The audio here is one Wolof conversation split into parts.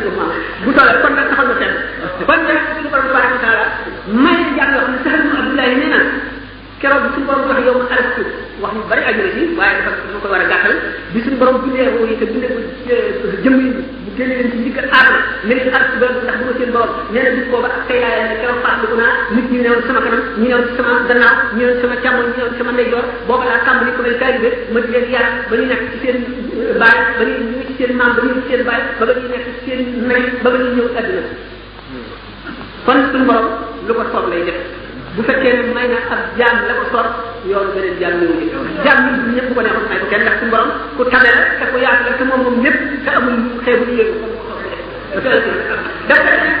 ko maam bu toolee kon nag taxaw na seen kon nag suñu borom tabaraka taala may jàng xam ne sax mu Abdoulaye nee na keroog suñu borom wax yow ma alaf wax ñu bari aju na ci waaye dafa dafa koy war a gàttal bi suñu borom bindee woo yi te bindee ko jëm yi bu génne leen ci njëkk aadama ne leen alaf ba ndax bu ma seen borom nee na bis boobu ak tey laa leen keroog fàttaliku naa nit ñi newoon sama kanam ñu ñëw ci sama gannaaw ñu ñëw ci sama càmmoñ ñu ñëw ci sama ndeyjoor booba laa tàmbali ko mel taalibe ma di leen yar ba ñu nekk ci seen euh, baay ba ñu ñu ci seen maam ba ñu ci seen baay ba ba ñuy nekk ci seen nay ba ba ñuy ñëw àdduna kon suñu borom lu ko soob lay def bu fekkee ne may na ab jaam la ko soob yoonu beneen jaam ñëw ci jaam ñi ñëpp ko neexoon may ko kenn ndax suñu borom ku tabe la te ku yaatu la te moom moom ñëpp te amul xeebu yéegu ko def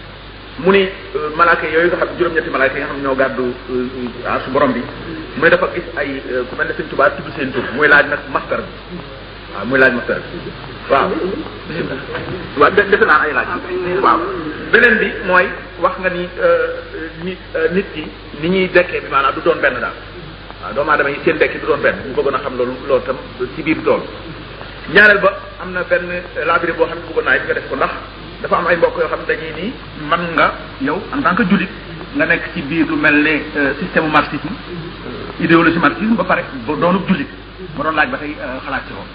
mu ni euh, malaaka yooyu nga xam juróom-ñetti malaaka yi nga xam ñoo gàddu euh, euh, su borom bi mu ne dafa gis ay ku mel ne sëñ Tuubaa tudd seen tur muy laaj nag mastar bi waaw muy laaj mastar bi waaw ay laaj waaw beneen bi mooy wax nga ni nit nit ki ni ñuy dekkee bi maanaam du doon benn daal waaw doomu aadama yi seen dekki du doon benn ñu bëggoon a xam loolu loolu tam ci biir tool ñaareel ba am na benn laabiri boo xam ne bëggoon naa yi nga def ko ndax dafa am ay mbokk yoo xam ne dañuy nii man nga yow en tant que jullit nga nekk ci biir lu mel ne euh, système marxisme euh, idéologie marxisme ba pare ba doonub jullit ma doon laaj ba tey euh, xalaat ci moom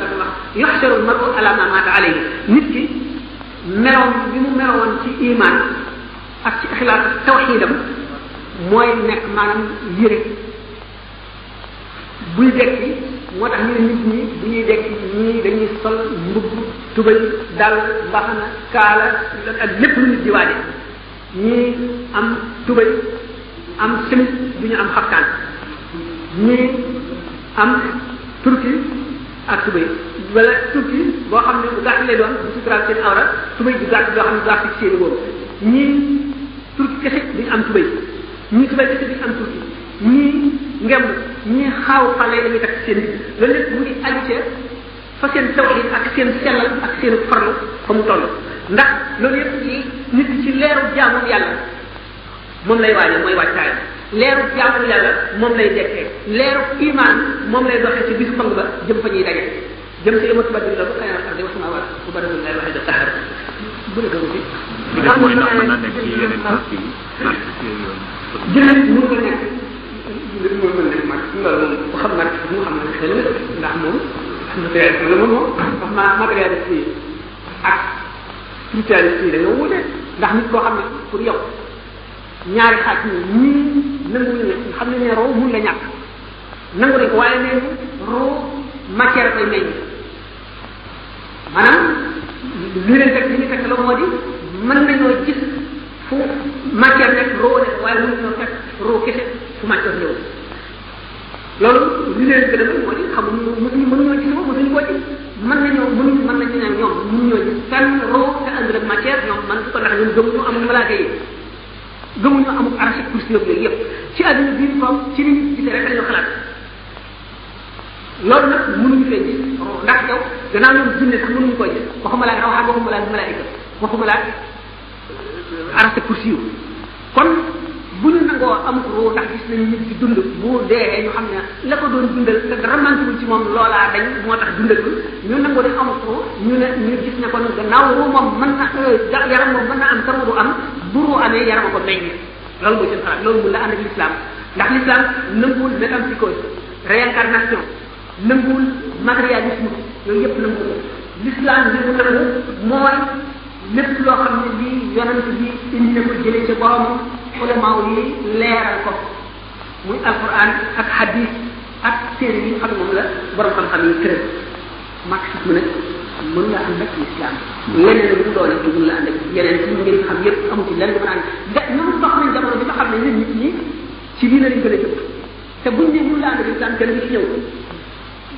sallam wax yuxsaru al-mar'u ala ma maata alayhi nit ki meroon bi mu meroon ci iman ak ci ixlaas tawxiidam mooy nekk maanaam yére buy dekki moo tax ñu ne nit ñi bu ñuy dekki ñii dañuy sol mbubb tubay dal mbaxana kaala ak lépp lu nit di waaje ñii am tubay am simit du ñu am xaftaan ñii am turki ak tubéy wala tukki boo xam ne bu gàtt lay doon bu suturaal seen awra tubéy bu gàtt boo xam ne gàtt ci seen boobu ñii turki kese duñ am tubéy ñii tubéy kese duñ am turki ñii ngem ñii xaaw xale la ñuy takk seen digg loolu lépp mu ngi aju fa seen tawxiid ak seen sellal ak seen farlu fa mu toll ndax loolu yëpp yi nit ci leeru jaamu yàlla moom lay waaje mooy wàccaayam leeru jaamu yàlla moom lay dekkee leeru iman moom lay doxee ci bis pang ba jëm fa ñuy daje jëm ci ématu baddi la ba xëy na ardi wa sama wala bu bari lay waxee da taxar bu la gëm ci mooy ndax mën naa nekk ci yeneen parti yi jëlee mun nga nekk li mu mën nekk mag loolu moom ku xam nag mu xam nag xel ndax moom matérialiste la moom moom wax ma matérialiste yi ak spiritualiste yi dañoo wute ndax nit koo xam ne pour yow ñaari xaaj yi ñii nanguñu ne xam ne ne roo mun la ñàkk nangu nañ ko waaye nee roo matière koy meññ maanaam li leen teg li ñu teg loo moo di mën nañoo gis fu matière nekk roo nekk waaye mën nañoo fekk roo kese fu matière ñëw loolu li leen gën a mën moo di xamuñu mënuñu mënuñoo gis ko mënuñu koo gis mën nañoo mënuñ mën nañu ne ñoom mënuñoo gis fenn roo te àndul ak matière ñoom man ko ndax ñun gëm ñu amul malaaka yi gëmuñu amul arachide kursi yooyu yooyu ci àdduna bi ñu ci li ñu gisee rek xalaat loolu nag mënuñu fee gis ndax yow gannaaw ñoom jinne sax mënuñu koo gis waxuma laa rawaxaan waxuma laa malaayika waxuma laa arachide kursi yu kon bu ñu nangoo amul ruu ndax gis nañu nit ci dund bu dee ñu xam ne la ko doon dundal te dara manquewul ci moom laa dañ moo tax dundal ñu nangoo dañ amul ruu ñu ne ñu gis na euh, yaram moom mën na am taru du am bu amee yaram a ko meññ loolu mooy seen xalaat loolu mun la ànd ak l'islam ndax l'islam nanguwul métempsycose réincarnation nanguwul matérialisme yooyu yëpp nanguwul l'islam li mu tëral mooy lépp loo xam ne lii yonent bi indi na ko jëlee ca borom ulama yi leeral ko muy alquran ak hadith ak téere yi nga xam ne moom la borom xam-xam yi tëral marxisme nag mën nga ànd ak lislaam leneen lu doole te mën la ànd ak yeneen ci ngeen xam yépp amu ci lenn dafa naan da ñoom dox nañ jamono bi nga xam ne ñun nit ñi ci lii la lañ gën a jëpp te buñ ne mën la ànd ak lislaam kenn bi ci ñëw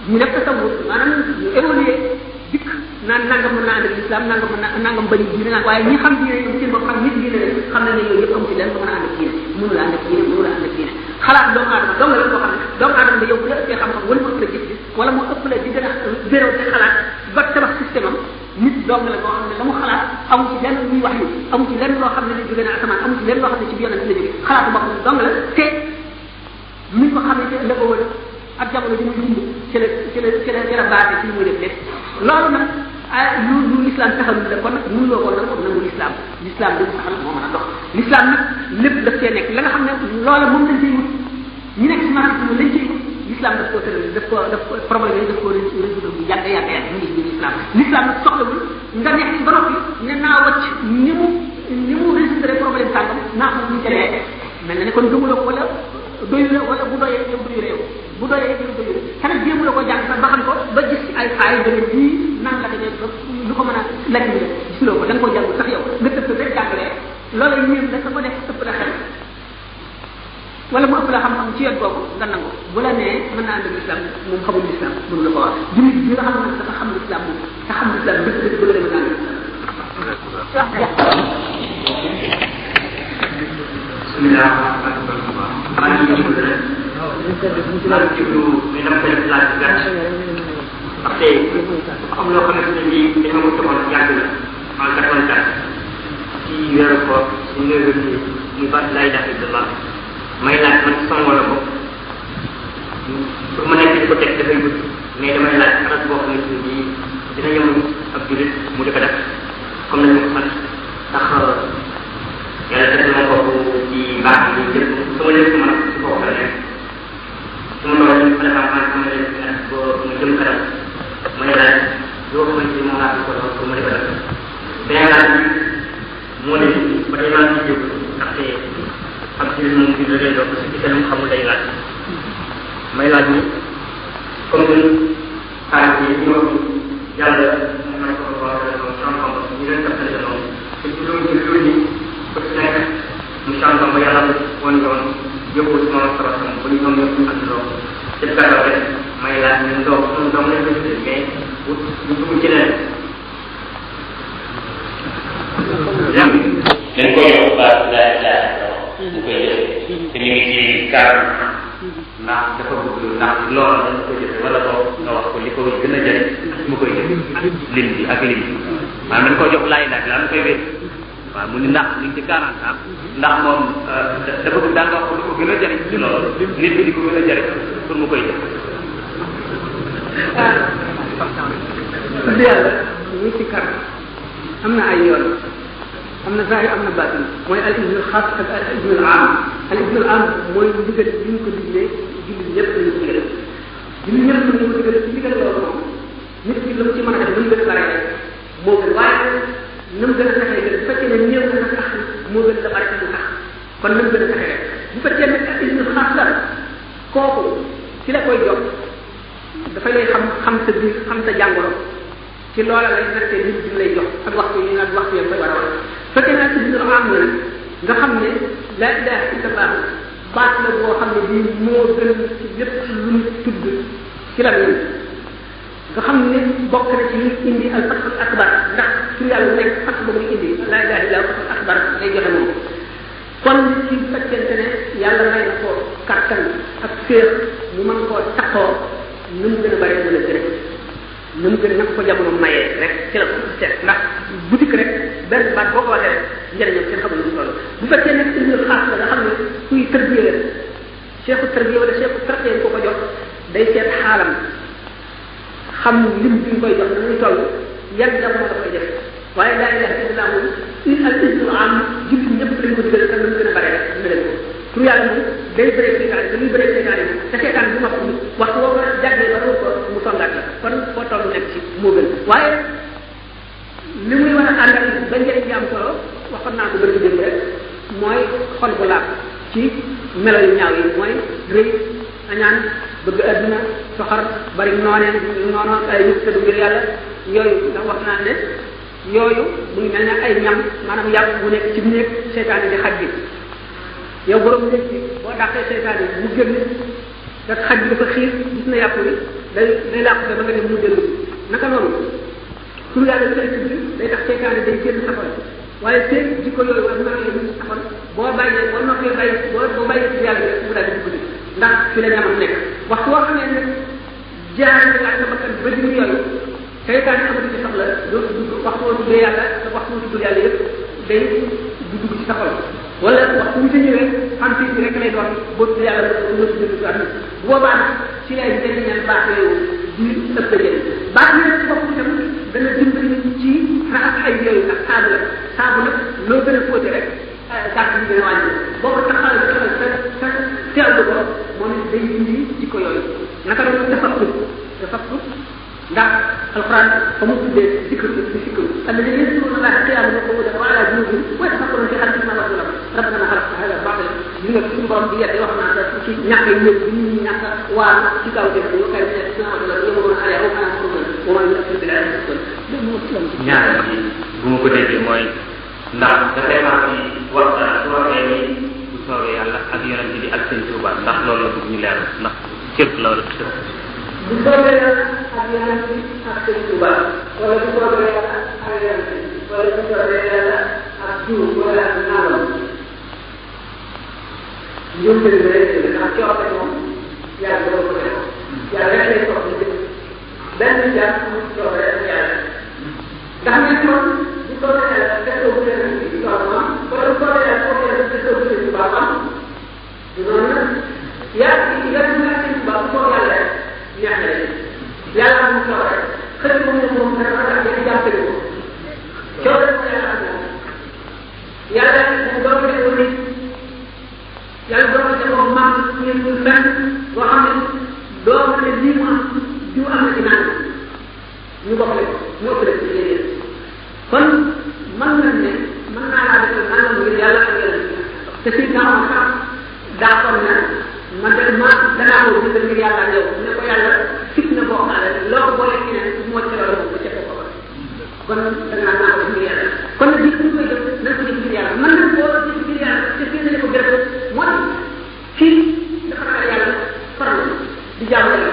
ñu def tasawur maanaam ñu évoluer dikk naan nangam mën naa ànd ak lislaam nangam mën naa nangam bañ diine naan waaye ñi xam diine ñoom seen bopp xam nit diine leen xam nañ ne yooyu yëpp amu ci lenn ba mën a ànd ak diine mënu la ànd ak diine mënu la ànd ak diine xalaat doomu aadama dong la boo xam ne doomu aadama ne yow bu la ëppee xam-xam wala mu ëpp la gis-gis wala mu ëpp la di gën a béréw ci xalaat ba tabax système am nit dong la boo xam ne la mu xalaat amu ci lenn muy wax yu amu ci lenn loo xam ne ne jóge na asamaan amu ci lenn loo xam ne ci bi yonent la jóge xalaatu boppam dong la te mi ko xam ne la ko wër ak jamono ji mu dund ci la ci la ci la ci la baate ci li mu lu lislaam taxalul la kon nag mënuloo ko nag nangu lislaam lislaam li mu taxal moo a lislaam la nga xam ne loola moom lañ ciy wut ñi nekk si maanaam lañ ciy wut lislaam daf koo tëral daf koo daf problème yi daf koo résoudre bu yàgg yàgg lislaam lislaam nag soxlawul nga nekk ci ba ne naa wàcc ni mu ni mu résoudre problème tàngam naa ko ñu jëlee mel ne kon gëmuloo ko wala doyu la wala bu doyee yow doyu réew bu doyee dina doyu la ko jàng sax ba xam ko ba gis ay faay dana nan la dañee lu ko mën a lañ bi gisuloo ko da nga ko jàng sax yow nga tëb rek jàngalee loolu ñéem la a ko def ëpp xam-xam ci yoon boobu nga nangu bu la nee mën naa ànd lislaam moom xamul lislaam mënu la ko wax jullit bi nga la demee daal maa ngi déglu rek maa ngi déglu ñu dem benn laaj bu gàtt parce que am loo xamante ne bii dañu ko togoon yàgg la en quatre-vingt-quatre ci weeru koor ñu ngi rëdd muy baat laa ilaaha illallah may laaj man songoo la ko pour ma nekk di ko teg dafay gudd mais damay laaj xaras boo xamante ne bii dina yemul ab jullit mu di ko def comme nañu ko sant ndax เราจะต้องบอบกีบาทจะสมงยนี้สมัยสุขภาพเนี่ยสมัยเราจะประทับใจสมัยนกันก็มีจุดการไม่ได้โยกไปที่มองอะไรก็ต้องสมัยก่แต่ยังไงมูลนิธิปฏิบัติอยู่นักเตะทบทีมที่เรียนรู้สิ่งที่เราทำได้ไงไม่ละนี้คงเป็นกที่มีความยากลำบากในการทำความสุขในเรื่องต่างๆที่เราที่เราที่เรา ku ci nekk mu sant ba yàlla woon yoon yóbbu ci moom sama sama bu ñu ñoom yëpp ñu ànd loo ci gàttal rek may laaj ñun doom ñun doom lañ nak tuddee mais wut ñu dugg ci leen kau dañ ko yóbbu baat waaw mu ni ndax li ngi ci quarante ans ndax moom euh, dafa bëgg daal wax ko lu ko gën a jëriñ ci loolu nit bi di ko gën a jëriñ pour mu koy jëf tudd ah. yàlla ñu ci kar am na ay yoon am na zahir am na batin mooy al ibnul xaas ak al ibnul am al ibnul am mooy ndigal bi ñu ko diglee jullit ñëpp dañu ko digal jullit ñëpp dañu ko digal ci ndigal loolu moom nit ki lu mu ci mën a def lu mu gën a bare moo gën waaye nam gën a fexee gën bu fekkee ne moo gën a bari ci lu tax kon nañ gën a taxee bu fekkee kooku ci la koy jox dafay lay xam xam sa biir xam sa ci loola lay nattee nit bi lay jox ak a wax fekkee nag nga xam ne la ilaha illallah baat la boo xam ne bii moo gën ci lépp lu ñu tudd ci la nga xam ne bokk na ci li indi al fathul akbar ndax su yàlla bu nekk fath ba muy indi laa a illa fathul akbar lay joxe moom ko kàttan ak a bare a a nu mu a ci bu fekkee nag ilmul xaas la nga xam ne kuy tërbiye la cheikhu tërbiye wala cheikhu tërbiye ko ko jox day seet xaalam xam lim bi ñu koy jox nu muy toll yan jamono la koy def waaye daay def ci islam moom al islam jullit ñëpp lañ ko digal te ñu gën a bare ñu leen ko tur yàlla moom day bëree seetaan dañuy bëree seetaan ko jàggee ba ko mu songaat la kon foo toll nekk ci moo gën waaye li muy war a àndal ba njëriñ yi am solo waxoon naa ko bëri démb rek mooy xol bu laab ci melo yu ñaaw yi mooy rëy añaan bëgg adduna soxor bari noonee noonoon ay nit tëdd ngir yàlla yooyu ndax wax naa ne yooyu mu ngi mel ne ay ñam maanaam yàlla bu nekk ci néeg seytaane di xaj bi yow borom néeg bi boo dàqee seytaane mu génn te xaj bi dafa xiir gis na yàpp bi day day làqu te ba nga dem mu dellu naka noonu pour yàlla li koy tudd day tax seytaane day génn sa waaye seen jikko yooyu ak melo yooyu sa boo bàyyee boo noppee bàyyi boo boo bàyyee ci yàlla rek mu daal di ndax fi la ñamam nekk waxtu woo xam ne nag jaar nga ak sa bakkan ba jëm yooyu saytaan yi amatu ci soxla doo dugg waxtu woo tuddee yàlla waxtu woo tuddul yàlla yëpp day du dugg ci sa xol wala waxtu wi sa ñëwee xam ci rek lay doon boo tuddee yàlla doo ci dugg ci at bu boobaa ci lay gën a ñaan baax yooyu di ëpp jël baax yooyu ci bopp itam dana dimbali nit ci raxas ay yooyu ak saabu la saabu nag loo gën a fóote rek saabu ah bi gën a wàññi boo ko taxawee sa sa seetlu ko moom it day indi jikko yooyu naka la tafakkur tafakkur ndax alxuraan fa mu tuddee zikr bi zikr alladina yadkuruna allaha qiyaman wa qu'udan wa ala junubihim wa yatafakkaruna fi xalqi sama wala rabbana ma xalaqta hada baatila li nga suñu borom di yedde wax naa ci ñàkk yi ñëpp ñu ñu ñàkk waa ci kaw def ñu kay ne sama wala yow moom ala yow ana ko mën wa ma yaqul bil ala rasul ñaar bu ma ko déggee mooy ndax dafay wax ni waxtaan su waxee ni soobee yàlla ak yonent bi ak seen tuuba ndax loolu la bëgg ñu leer ndax cër la wala cër. bu soobee yàlla ak yonent bi ak seen tuuba wala bu soobee yàlla ak yonent bi wala bu soobee yàlla ak jiw wala ak nangam. ñoom ñooy béykat yi ndax coono moom yaa ngi doon ko def yàlla rek lay soxla ci benn jàpp mu soobee ak yàlla ndax nit moom bu soobee yàlla fekkoo bu leen ci coono wala bu soobee yàlla foofu yàlla fekkoo belakang di mana ya tidak mungkin bahwa yang lain yang lain yang lain musyawarah kemudian mengumumkan yang jatuh coba yang lain yang lain mengumumkan ini yang berarti orang yang bukan wahai dua puluh lima dua puluh lima ñu bokk rek ñoo ko def ci léegi kon mën na ne mën naa laa defal nangam ngir yàlla ak yàlla te si daaw sax daawoon na man de ma danaa ko gis ngir yàlla ak yow ne fit na boo xaale loo ko boole keneen moo ci loolu bu ca ko ko kon danaa naa ko ngir yàlla kon nag gis ñu koy def nañ ko def ngir yàlla man nag boo def ngir yàlla te fi ne ko gërëm moo tax fii dafa xaar yàlla farlu di jàmm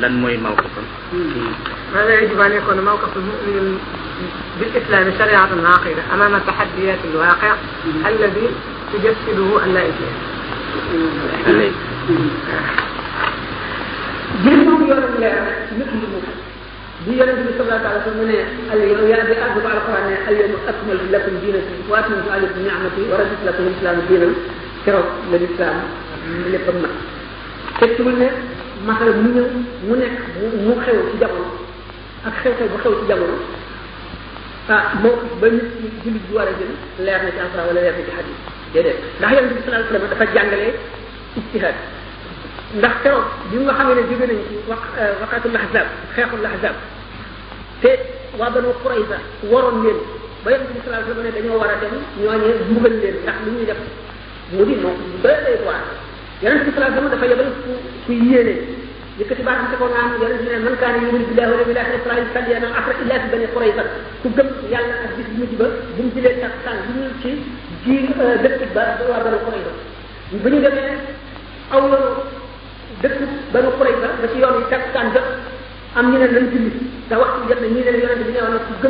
لن mooy mawqifam ماذا يجب أن يكون موقف المؤمن بالإسلام شريعة عاقلة أمام تحديات الواقع الذي تجسده اللاإسلام. جنوب يوم المؤمن دي يوم النبي صلى الله عليه وسلم اليوم يا أبي أعجب على القرآن اليوم أكملت لكم دينكم وأتممت عليكم نعمتي وردت لكم الإسلام دينا كرب للإسلام لكم تكتب لنا maanaam mu ñëw mu nekk mu xew ci jamono ak xew-xew bu xew ci jamono ah moo ba nit ñi jullit bu war a jël leer na ci alquran wala leer na ci hadith déedéet ndax yonente bi sallallahu alayhi wa sallam dafa jàngalee ijtihad ndax keroog bi nga xam ne jóge nañ ci waq waqatul ahzab xeexul ahzab te waa banu qurayza waroon leen ba yonente bi sallallahu alayhi wa sallam ne dañoo war a dem ñooñee mbugal leen ndax li ñuy def mu di moom doy lay waar yonente bi sallallahu alayhi wa sallam dafa yebal ku ku yéene yëkkati baatam te ko naan yonent bi ne man kaana yuminu billaahi wal yawmil aaxiri falyanzur ilaymaa axraja illaa fi banii Qurayza ku gëm yàlla ak bis bu mujj ba bu mu jëlee tax tànk bu ñu ci jiir euh, dëkk ba waa banii Qurayza bu ñu demee aw yoonu am ñu ne nañ julli te waxtu bi jot na ñii ne yonente ñu ne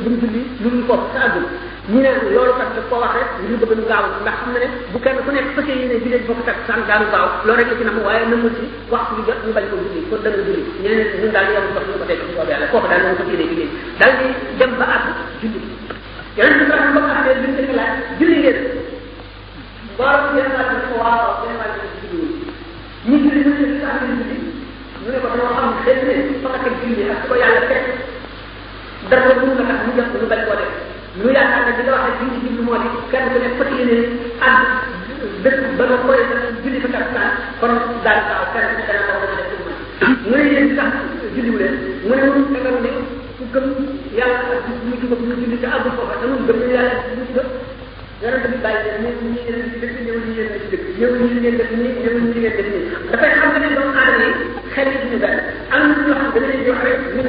buñ julli lu ñu foofu sa ñu ne loolu kat daf koo ñu ne bu bokk tak san daanu gaaw loolu rek la ci nam waaye namul ci waxtu bi jot ñu bañ ko julli kon da nga julli ñu ne ñun daal ci boobu julli ñu laaj julli ngeen borom yéen laaj julli ñu julli ñu julli sax julli ñu ne ko dañoo xam xel ne fa nga teg ak ko yàlla teg dara bu la mu lu def di la waxe julli julli moo di kenn ku ne fas yéene ànd dëkk ba nga koy julli fa kat kon daal taw kenn ku dana ko def mu ne mu ne mu ne ku ak mu mu mu mu yonent bi bàyyi leen ñun ñii ngeen ci dëkk ñëw ñii ngeen ci dëkk ñëw ñii ngeen def nii ñëw ñii ngeen def nii dafay xam ne doomu aadama yi xel yi duñu benn am na ñoo xam da nga leen jox rek ñu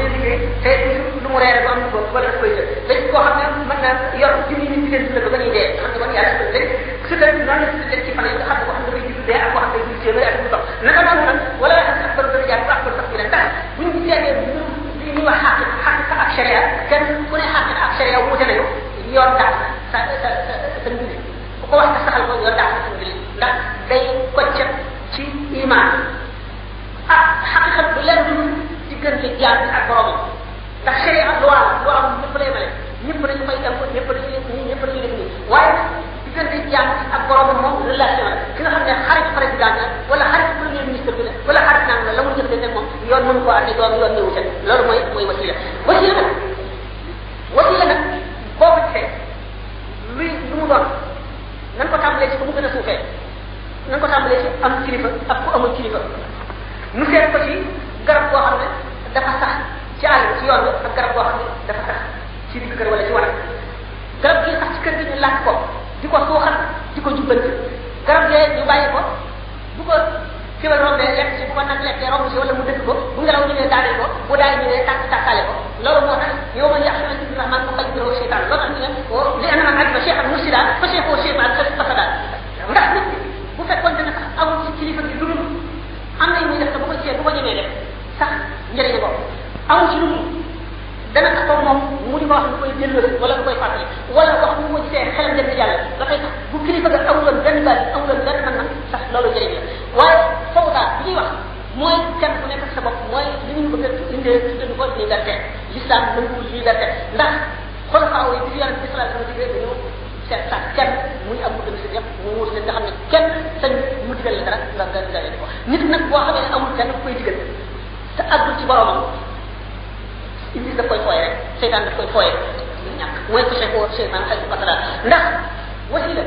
leen liggéey te lu mu reere bu am ko wala daf koy jël dañ koo xam ne mën naa yor junni nit di leen dundal ba ba ñuy dee xam ne man yàlla dañ su leen noonu la leen ci fan yi nga xam ne ko xam ne dafay jublu dee ak ko xam ne ñu cee ak ñu tox naka noonu nag wala la xam ne ak borom dara jaar baax ko sax ñu ne ndax buñ seetee li ñuy wax xàq xàq ak sharia kenn ku ne xàq ak sharia wuute nañu yoon daal sa sa sa sa mbir ku ko wax nga saxal ko yoon daal sa mbir ndax day kocca ci iman diggante jaam bi a borom ndax xëy ak loi loo xam ñëpp lay male ñëpp dañu koy def ñëpp dañu def nii ñëpp dañu def nii waaye diggante ko àndi doom yoon ñëwu ca ko gisee lu mu doon nan ko tàmbalee ci ko mu gën a suufee nan ko tàmbalee ci am kilifa ak ku amul kilifa nu seet ko ci garab boo xam ne dafa sax ci àll ci yoon bi ak garab boo xam ne dafa sax ci digg kër wala ci wanag garab gi sax ci kër gi ñu làkk ko di ko suuxal di ko jubbanti garab yooyu ñu bàyyi ko bu ko kéwél rombee lekk si bu ko nag lekkee romb si wala mu dëkk ko bu ngelaw ñu ne daaneel ko bu daay ñu ne tàkk tàkkaale ko loolu moo tax yow ma yàq na ci rahman ko xalit ko seytaan loolu tax ñu ne li anama ajba cheikhan mursida fa cheikhoo seytaan fa fasada ndax nit bu fekkoon ne sax amul ci kilifa gi dudul am na ñu sax njëriñ boobu amul ci lu mu dana taxaw moom mu di wax lu koy delloo wala lu koy fàttali wala wax bu ko gisee xelam dem ci yàlla la koy tax bu kilifa ga amuloon benn baat amuloon benn mën na sax loolu njëriñ la waaye fawdaa bi ñuy wax mooy kenn ku nekk sa bopp mooy li ñu bëgg a indee tuddee ko liberté l'islam nanguwul liberté ndax xolofaaw yi bi yàlla bi salaam sama diggee dañoo seet sax kenn muy am mu dëgg yëpp mu wóor leen nga xam ne kenn sañ mu digal la dara nga nga nga leen ko nit nag boo xamee amul kenn ku koy digal te àggul ci boromam iblis daf koy fooye rek seytaan daf koy fooye du ñàkk way ko seko seytaan xel fatala ndax wasi la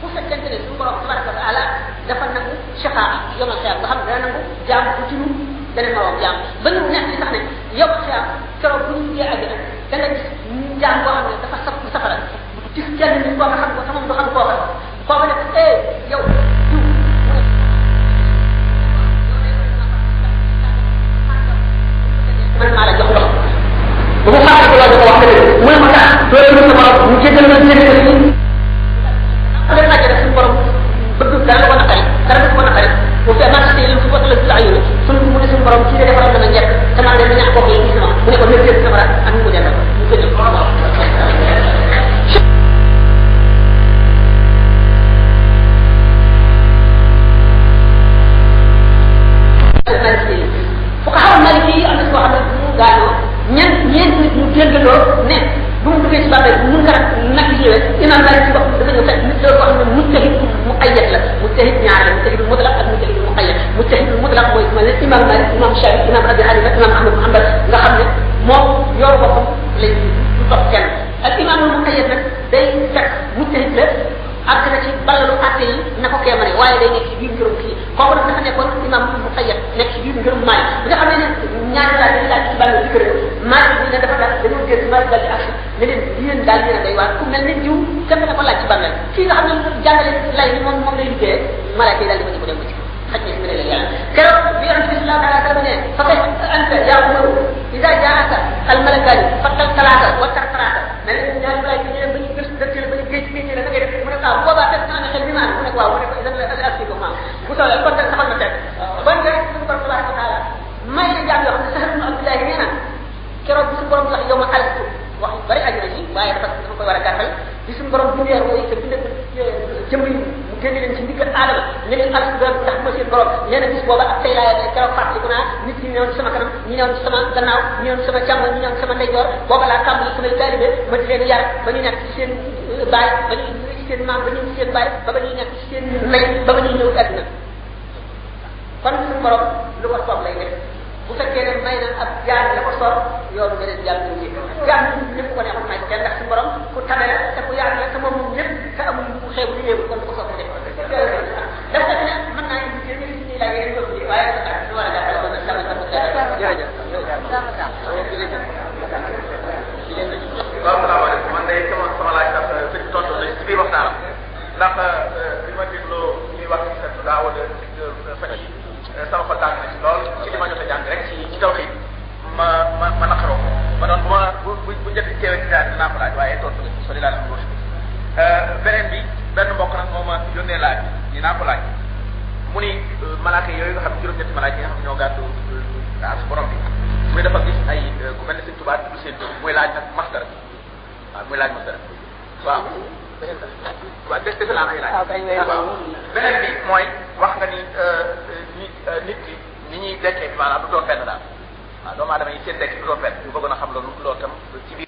bu fekkente ne suñu borom tabaraka wa taala dafa nangu shafaa yomal xiyam nga xam ne dana nangu jaam bu ci ñun beneen morom jaam ba ñu nekk sax ne yow xiyam keroog bu ñu jee àjjana da nga gis jaam boo xam ne dafa sab safara gis kenn ni koo nga xam ko sama du xam kooka kooka ne eh yow mën naa la jox ndox bu ko faral di loolu da ko wax dëgg mu ne ma tax loolu mën na borom mu jéggal ma ci nekk si xam nga laajte suñu borom bëgg dara la ko naqari dara la ko naqari bu fee maa si yéen su ko ëllëg la ayoo suñu mu ne suñu borom kii de defaral dana njëkk te man de dañaa kooku yéen gis na ma mu ne ko métier bi sabara jëndaloo ne bu mu duggee ci bàmmeel mu nga nag ñëwee imam Malik ci bopp dafa ñëw fekk nit la wax ne mujtahid mu ayyat la mujtahid ñaar la mujtahid mutlaq ak mujtahid mu ayyat mujtahid mutlaq mooy ma ne imam Malik imam Shafi imam Abi Hanifa imam Ahmad mu Hanbal nga xam ne moom yoor boppam lay du topp kenn ak imam mu ayyat nag day fekk mujtahid la àgg na ci ballalu àtte yi na ko kee mane waaye day nekk ci biir ngërëm kii kooku nag dafa nekkoon imam Musayyab nekk ci biir ngërëm Maalik bi nga xam ne ne ñaari laaj yi laaj ci bàllu ci kër Maalik bi dafa daal dañoo génn Maalik daal di a day ku mel ne jiw kenn na ko laaj ci bàllal fii nga xam ne jàngale lay ni moom moom lay liggéeyee malaaka yi daal di ma ñu ko dem ba ci حتى يحمل الإعلان كلام في أنفس الله تعالى ثمانية فكيف أنت يا عمر إذا جاءك الملكان فقد ثلاثة وترى من جاء الملك من بني كرس دكتور بني كرس بني لما كده من قال هو بعد أنا خلي ما أنا قال وأنا إذا لا أسيبه ما وصل البرد تحمل متعب بني من برد الله تعالى ما يرجع له سهل من عبد الله هنا كرب سبحان الله يوم الحلقة wax bari aju na ci waaye dafa dafa koy war a gàttal li suñu borom bindee roo yi te bindee jëmm yi mu génne leen ci ndigg aadama ne leen alku doon ndax ma seen borom nee na bis booba ak tey laay keroog fàttaliku naa nit ñi newoon sama kanam ñi newoon sama gannaaw ñi newoon sama càmm ñi newoon sama ndeyjoor booba laa tàmbali samay taalibe ma di leen yar ba ñu nekk ci seen e, baay ba ñu ci seen maam ba ñu ci seen baay ba ba ñuy nekk ci seen nay ba ba ñuy ñëw àdduna kon suñu borom lu ko soob lay def bu fekkee ne may na ab jaan la ko sor yoonu nga def jaan ñi jaan ñëpp ko neexul may kenn ndax si borom ku tane la te ku yaatu la te moom moom ñëpp te amul ku xeebu li léebu kon ko sor def def fekk ne mën naa indi ci ñi ñi laaj yéen ñëpp di waaye ñu war a jàppale woon na sama sama jërëjëf salaamaaleykum man day sama sama laaj sax euh, sëñ tontu la ci biir waxtaanam ndax li euh, euh, ma dégloo ñuy wax ci seetlu daaw wala fan yi Euh, sama xol tàng na ci lool ci li ma jot a jàng rek ci ci taw xiit ma ma ma naqaroo ko ma doon bu ma bu bu njëkk teewee ci daal dinaa ko laaj waaye tontu la soli laa la xam euh, beneen bi benn mbokk nag moo ma yónnee laaj ni naa ko mu ni euh, malaaka yooyu nga xam ne juróom-ñetti malaaka yi nga xam ne ñoo as borom bi muy dafa gis ay ku mel ne seen tubaab tudd seen tur muy laaj nag masdar waaw waaw des naa ay laaj. waaw beneen bi mooy wax nga ni euh, nit euh, nit ki ni ñuy dekkee maanaam du doon fenn daal waaw doomu aadama yi seen dekk du doon fenn ñu bëggoon a xam loolu loolu tam ci biir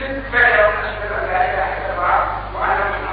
فعلا أشهد أن لا إله إلا الله وأنا محمد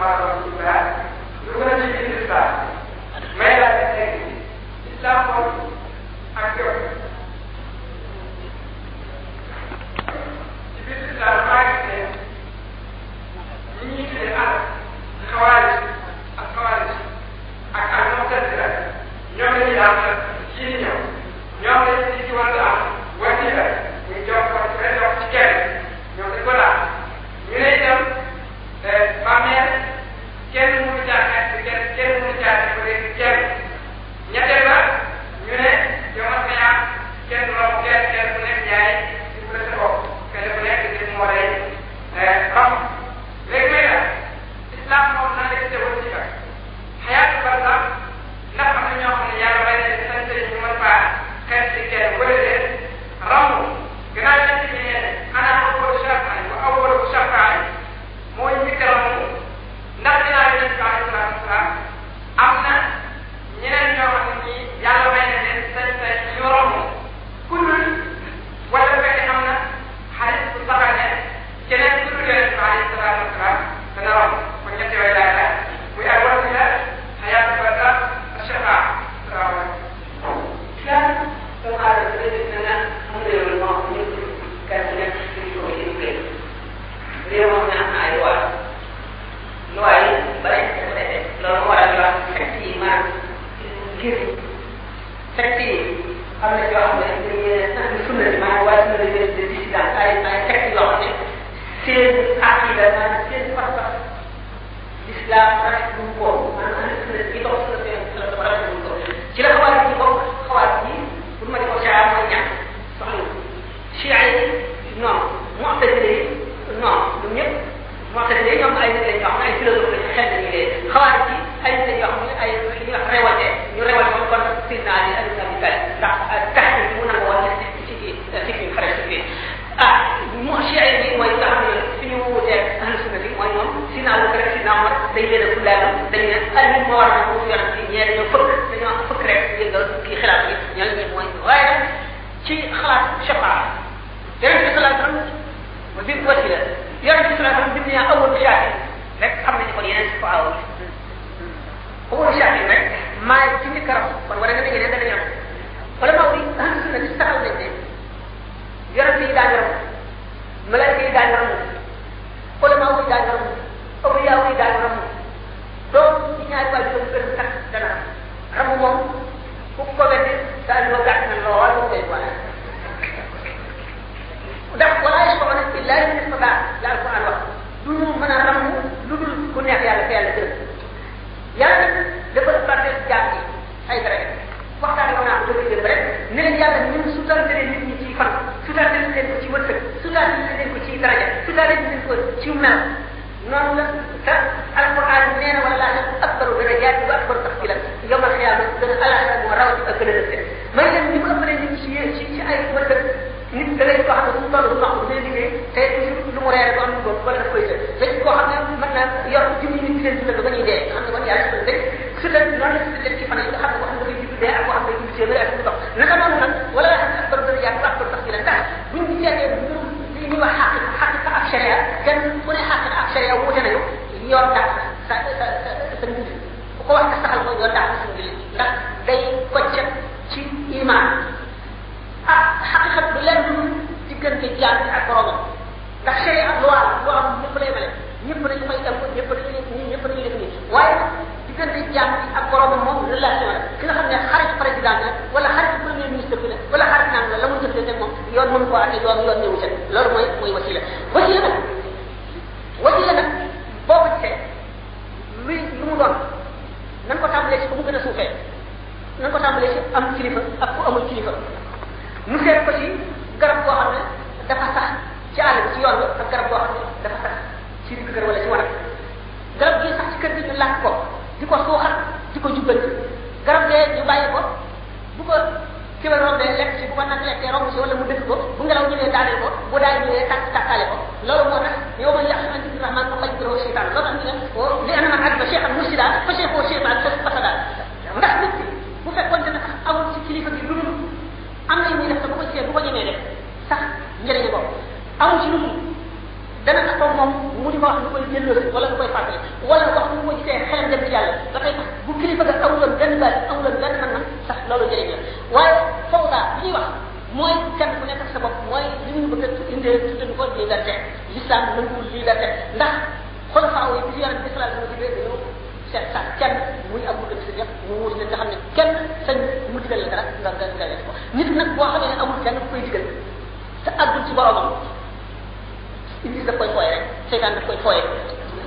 ci xalaat shafaa yonent bi sallallahu alayhi wasallam wa bi wasila yonent bi sallallahu alayhi wasallam bind naa awal shafi rek xam nañu kon yeneen si fa awal awal shafi rek maay ci ni karam kon wala nga dégg ne dana ñam wala maw bi ahlu sunna bi saxal nañ ne yonent yi daan yaram malaaka yi daan yaram wala maw yi daan yaram awliya yi daan yaram doom ci ñaari waajur gën sax dana ramu moom ku ko weddi daal ba gàtt na lool mu koy wala ndax wala yasbauna illa liman istataa la alquran wax du ñu mën a ram lu dul ku neex yàlla te yàlla jël yàlla dafa fàtte jaam yi ay dara waxtaan yoo naa ko dëgg rek ne leen yàlla ñun sutante leen nit ñi ci fan sutante leen ko ci wërsëg sutante leen ko ci daraja sutante leen ko ci noonu la te alquran nee na wala la akbaru darajaat wa akbaru tafsila yom al xiyaama gën a alaaka moo rawati ak gën a rëste man leen ñu ko ëppalee nit ci ci ci ay wërsëg nit da ngay koo xam ne su mu toll bu maxu day liggéey te lu mu reere du am lu góob wala daf koy jël dañ koo xam ne mën na yor junni nit leen dundal ba ñuy dee nga xam ne kon yàlla su dañ su leen noonu la si def ci fan yi nga xam ne wax nga koy jubbi dee ak wax nga jubbi téeméer ak mu dox naka noonu nag wala la akbaru darajaat wa akbaru tafsila ndax buñ seetee li ñuy wax xaqi xaqiqa ak sharia kenn ku ne xaqiqa ak sharia wuute nañu li yor daal sa sa sa sa ngir ku ko wax nga saxal ko yor daal sa ngir ndax day kocca ci iman ak xaqiqa du leen lu diggante jaam ak borom ndax sharia ak loi la boo xam ñëpp lay male ñëpp dañu koy dem ñëpp dañu ñëpp dañu def nii waaye seen i jaam bi ak boromam moom relation la ki nga xam ne xarit président la wala xarit premier ministre bi la wala xarit naan la la mu jëfee teg moom yoon mënu koo àtte yoon yoon ñëwu ca loolu mooy mooy wasila wasila nag wasila nag boo ko gisee luy lu mu doon nan ko tàmbalee si ba mu gën a suufee nan ko tàmbalee si am kilifa ak ku amul kilifa mu seet ko ci garab boo xam ne dafa sax ci àll bi ci yoon la ak garab boo xam ne dafa sax ci digg kër wala ci wanag garab gi sax ci kër gi ñu làkk ko di ko suuxat di ko jubbanti garab dee ñu bàyyi ko bu ko kéwél rombee lekk si bu ko nag lekkee romb si wala mu dëkk ko bu ngelaw ñëwee daaneel ko bu daay ñëwee tàkk tàkkaale ko loolu moo tax yow ma yàq man ci rahman ko bañ doro seytaan loolu am ne li ana man bu fekkoon ne sax amul si kilifa gi ko gisee bu ko ñemee def ko amul ci lu mu dana tax toog moom mu di ko wax lu koy jëlloo wala lu koy fàttali wala wax lu ko gisee xelam dem ci yàlla da koy tax bu kilifa ga amuloon benn baal amuloon benn man man sax loolu jëriñ la waaye fawda li ñuy wax mooy kenn ku nekk sa bopp mooy li ñu bëgg a indee tuddee ko liberté l'islam nanguwul liberté ndax xolofaaw yi bi yonent bi sallallahu alayhi wa sallam dañoo seet sax kenn muy ab bëgg si yëpp mu wuute nga xam ne kenn sañ mu digal la dara nga nga nga def ko nit nag boo xamee ne amul kenn ku koy digal te àggul ci boromam iblis da koy fooy rek seytaan daf koy fooye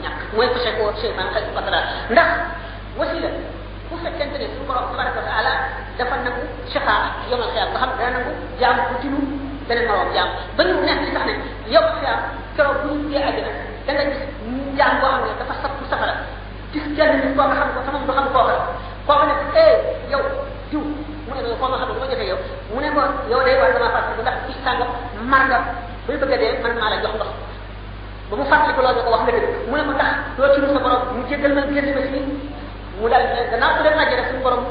ñàkk mooy ko se ko seytaan xëy fatara ndax wasila bu fekkente ne suñu borom tabaraka wa taala dafa nangu shafaa yomal xiyaam nga xam dana nangu jaam bu tinum beneen morom jaam ba ñu nekk ci sax ne yomal xiyaam keroog bu ñu dee àjjana da nga gis jaam boo xam ne dafa sab safara gis kenn nit koo nga xam ko tamam du xam koo xam koo xam ne eh yow diw mu ne koo nga xam ne bu ma jotee yow mu ne ko yow day war dama fàttali ndax ci sàngam mar nga buy bëgg a dee man maa la jox ndox ba mu fàttali ko loolu ko wax na dëgg mu ne ko ndax doo ci sa borom mu jéggal ma génn ma si mu daal ne gannaaw bu dem àjjana suñu borom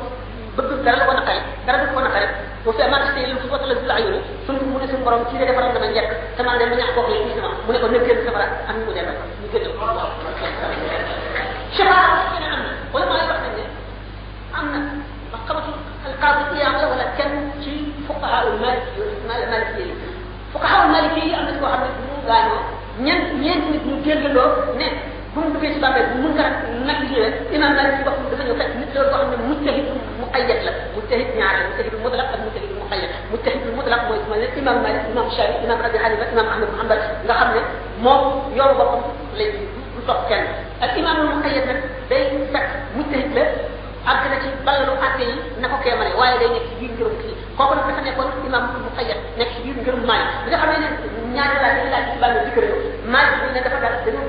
bëgg dara la ko naqari dara du ko naqari bu fee maa tey lu ko la dul ayuni suñu mu ne suñu borom kii de defaral na ma njëkk te man de ma ñaax kooku yi sama mu ne ko na génn safara am ñu ko dem ñu génn ko shafa ci na am wala ma wax nañ ne am na ba xamatu alqaadi iyam la wala kenn ci fuqaha al malik malik fuqaha maliki yi am na ko xam ne bu gaañoo ñent ñent nit ñu gëlëndoo ne bu mu duggee ci bàmmeel bu mun karak nag liggéey imam malik ci boppam dafa ñëw fekk nit loolu koo xam ne mujtahid mu qayyat la mujtahid ñaar la mujtahid mutlaq ak mujtahid mu qayyat mujtahid mutlaq mooy ma ne imam malik imam shafi imam abi hanifa imam ahmad muhammad nga xam ne moom yoonu boppam lay du topp kenn ak imam mu qayyat nag day fekk mujtahid la àgg na ci ballalu àtte yi na ko kee ma ne waaye day nekk ci biir njërum kii kooku nag dafa nekkoon imam mu xayat nekk ci biir ngërëm maay bi nga xam ne ñaari laaj a laaj ci bàllu dikkër a maay bi ne dafa dal dañoo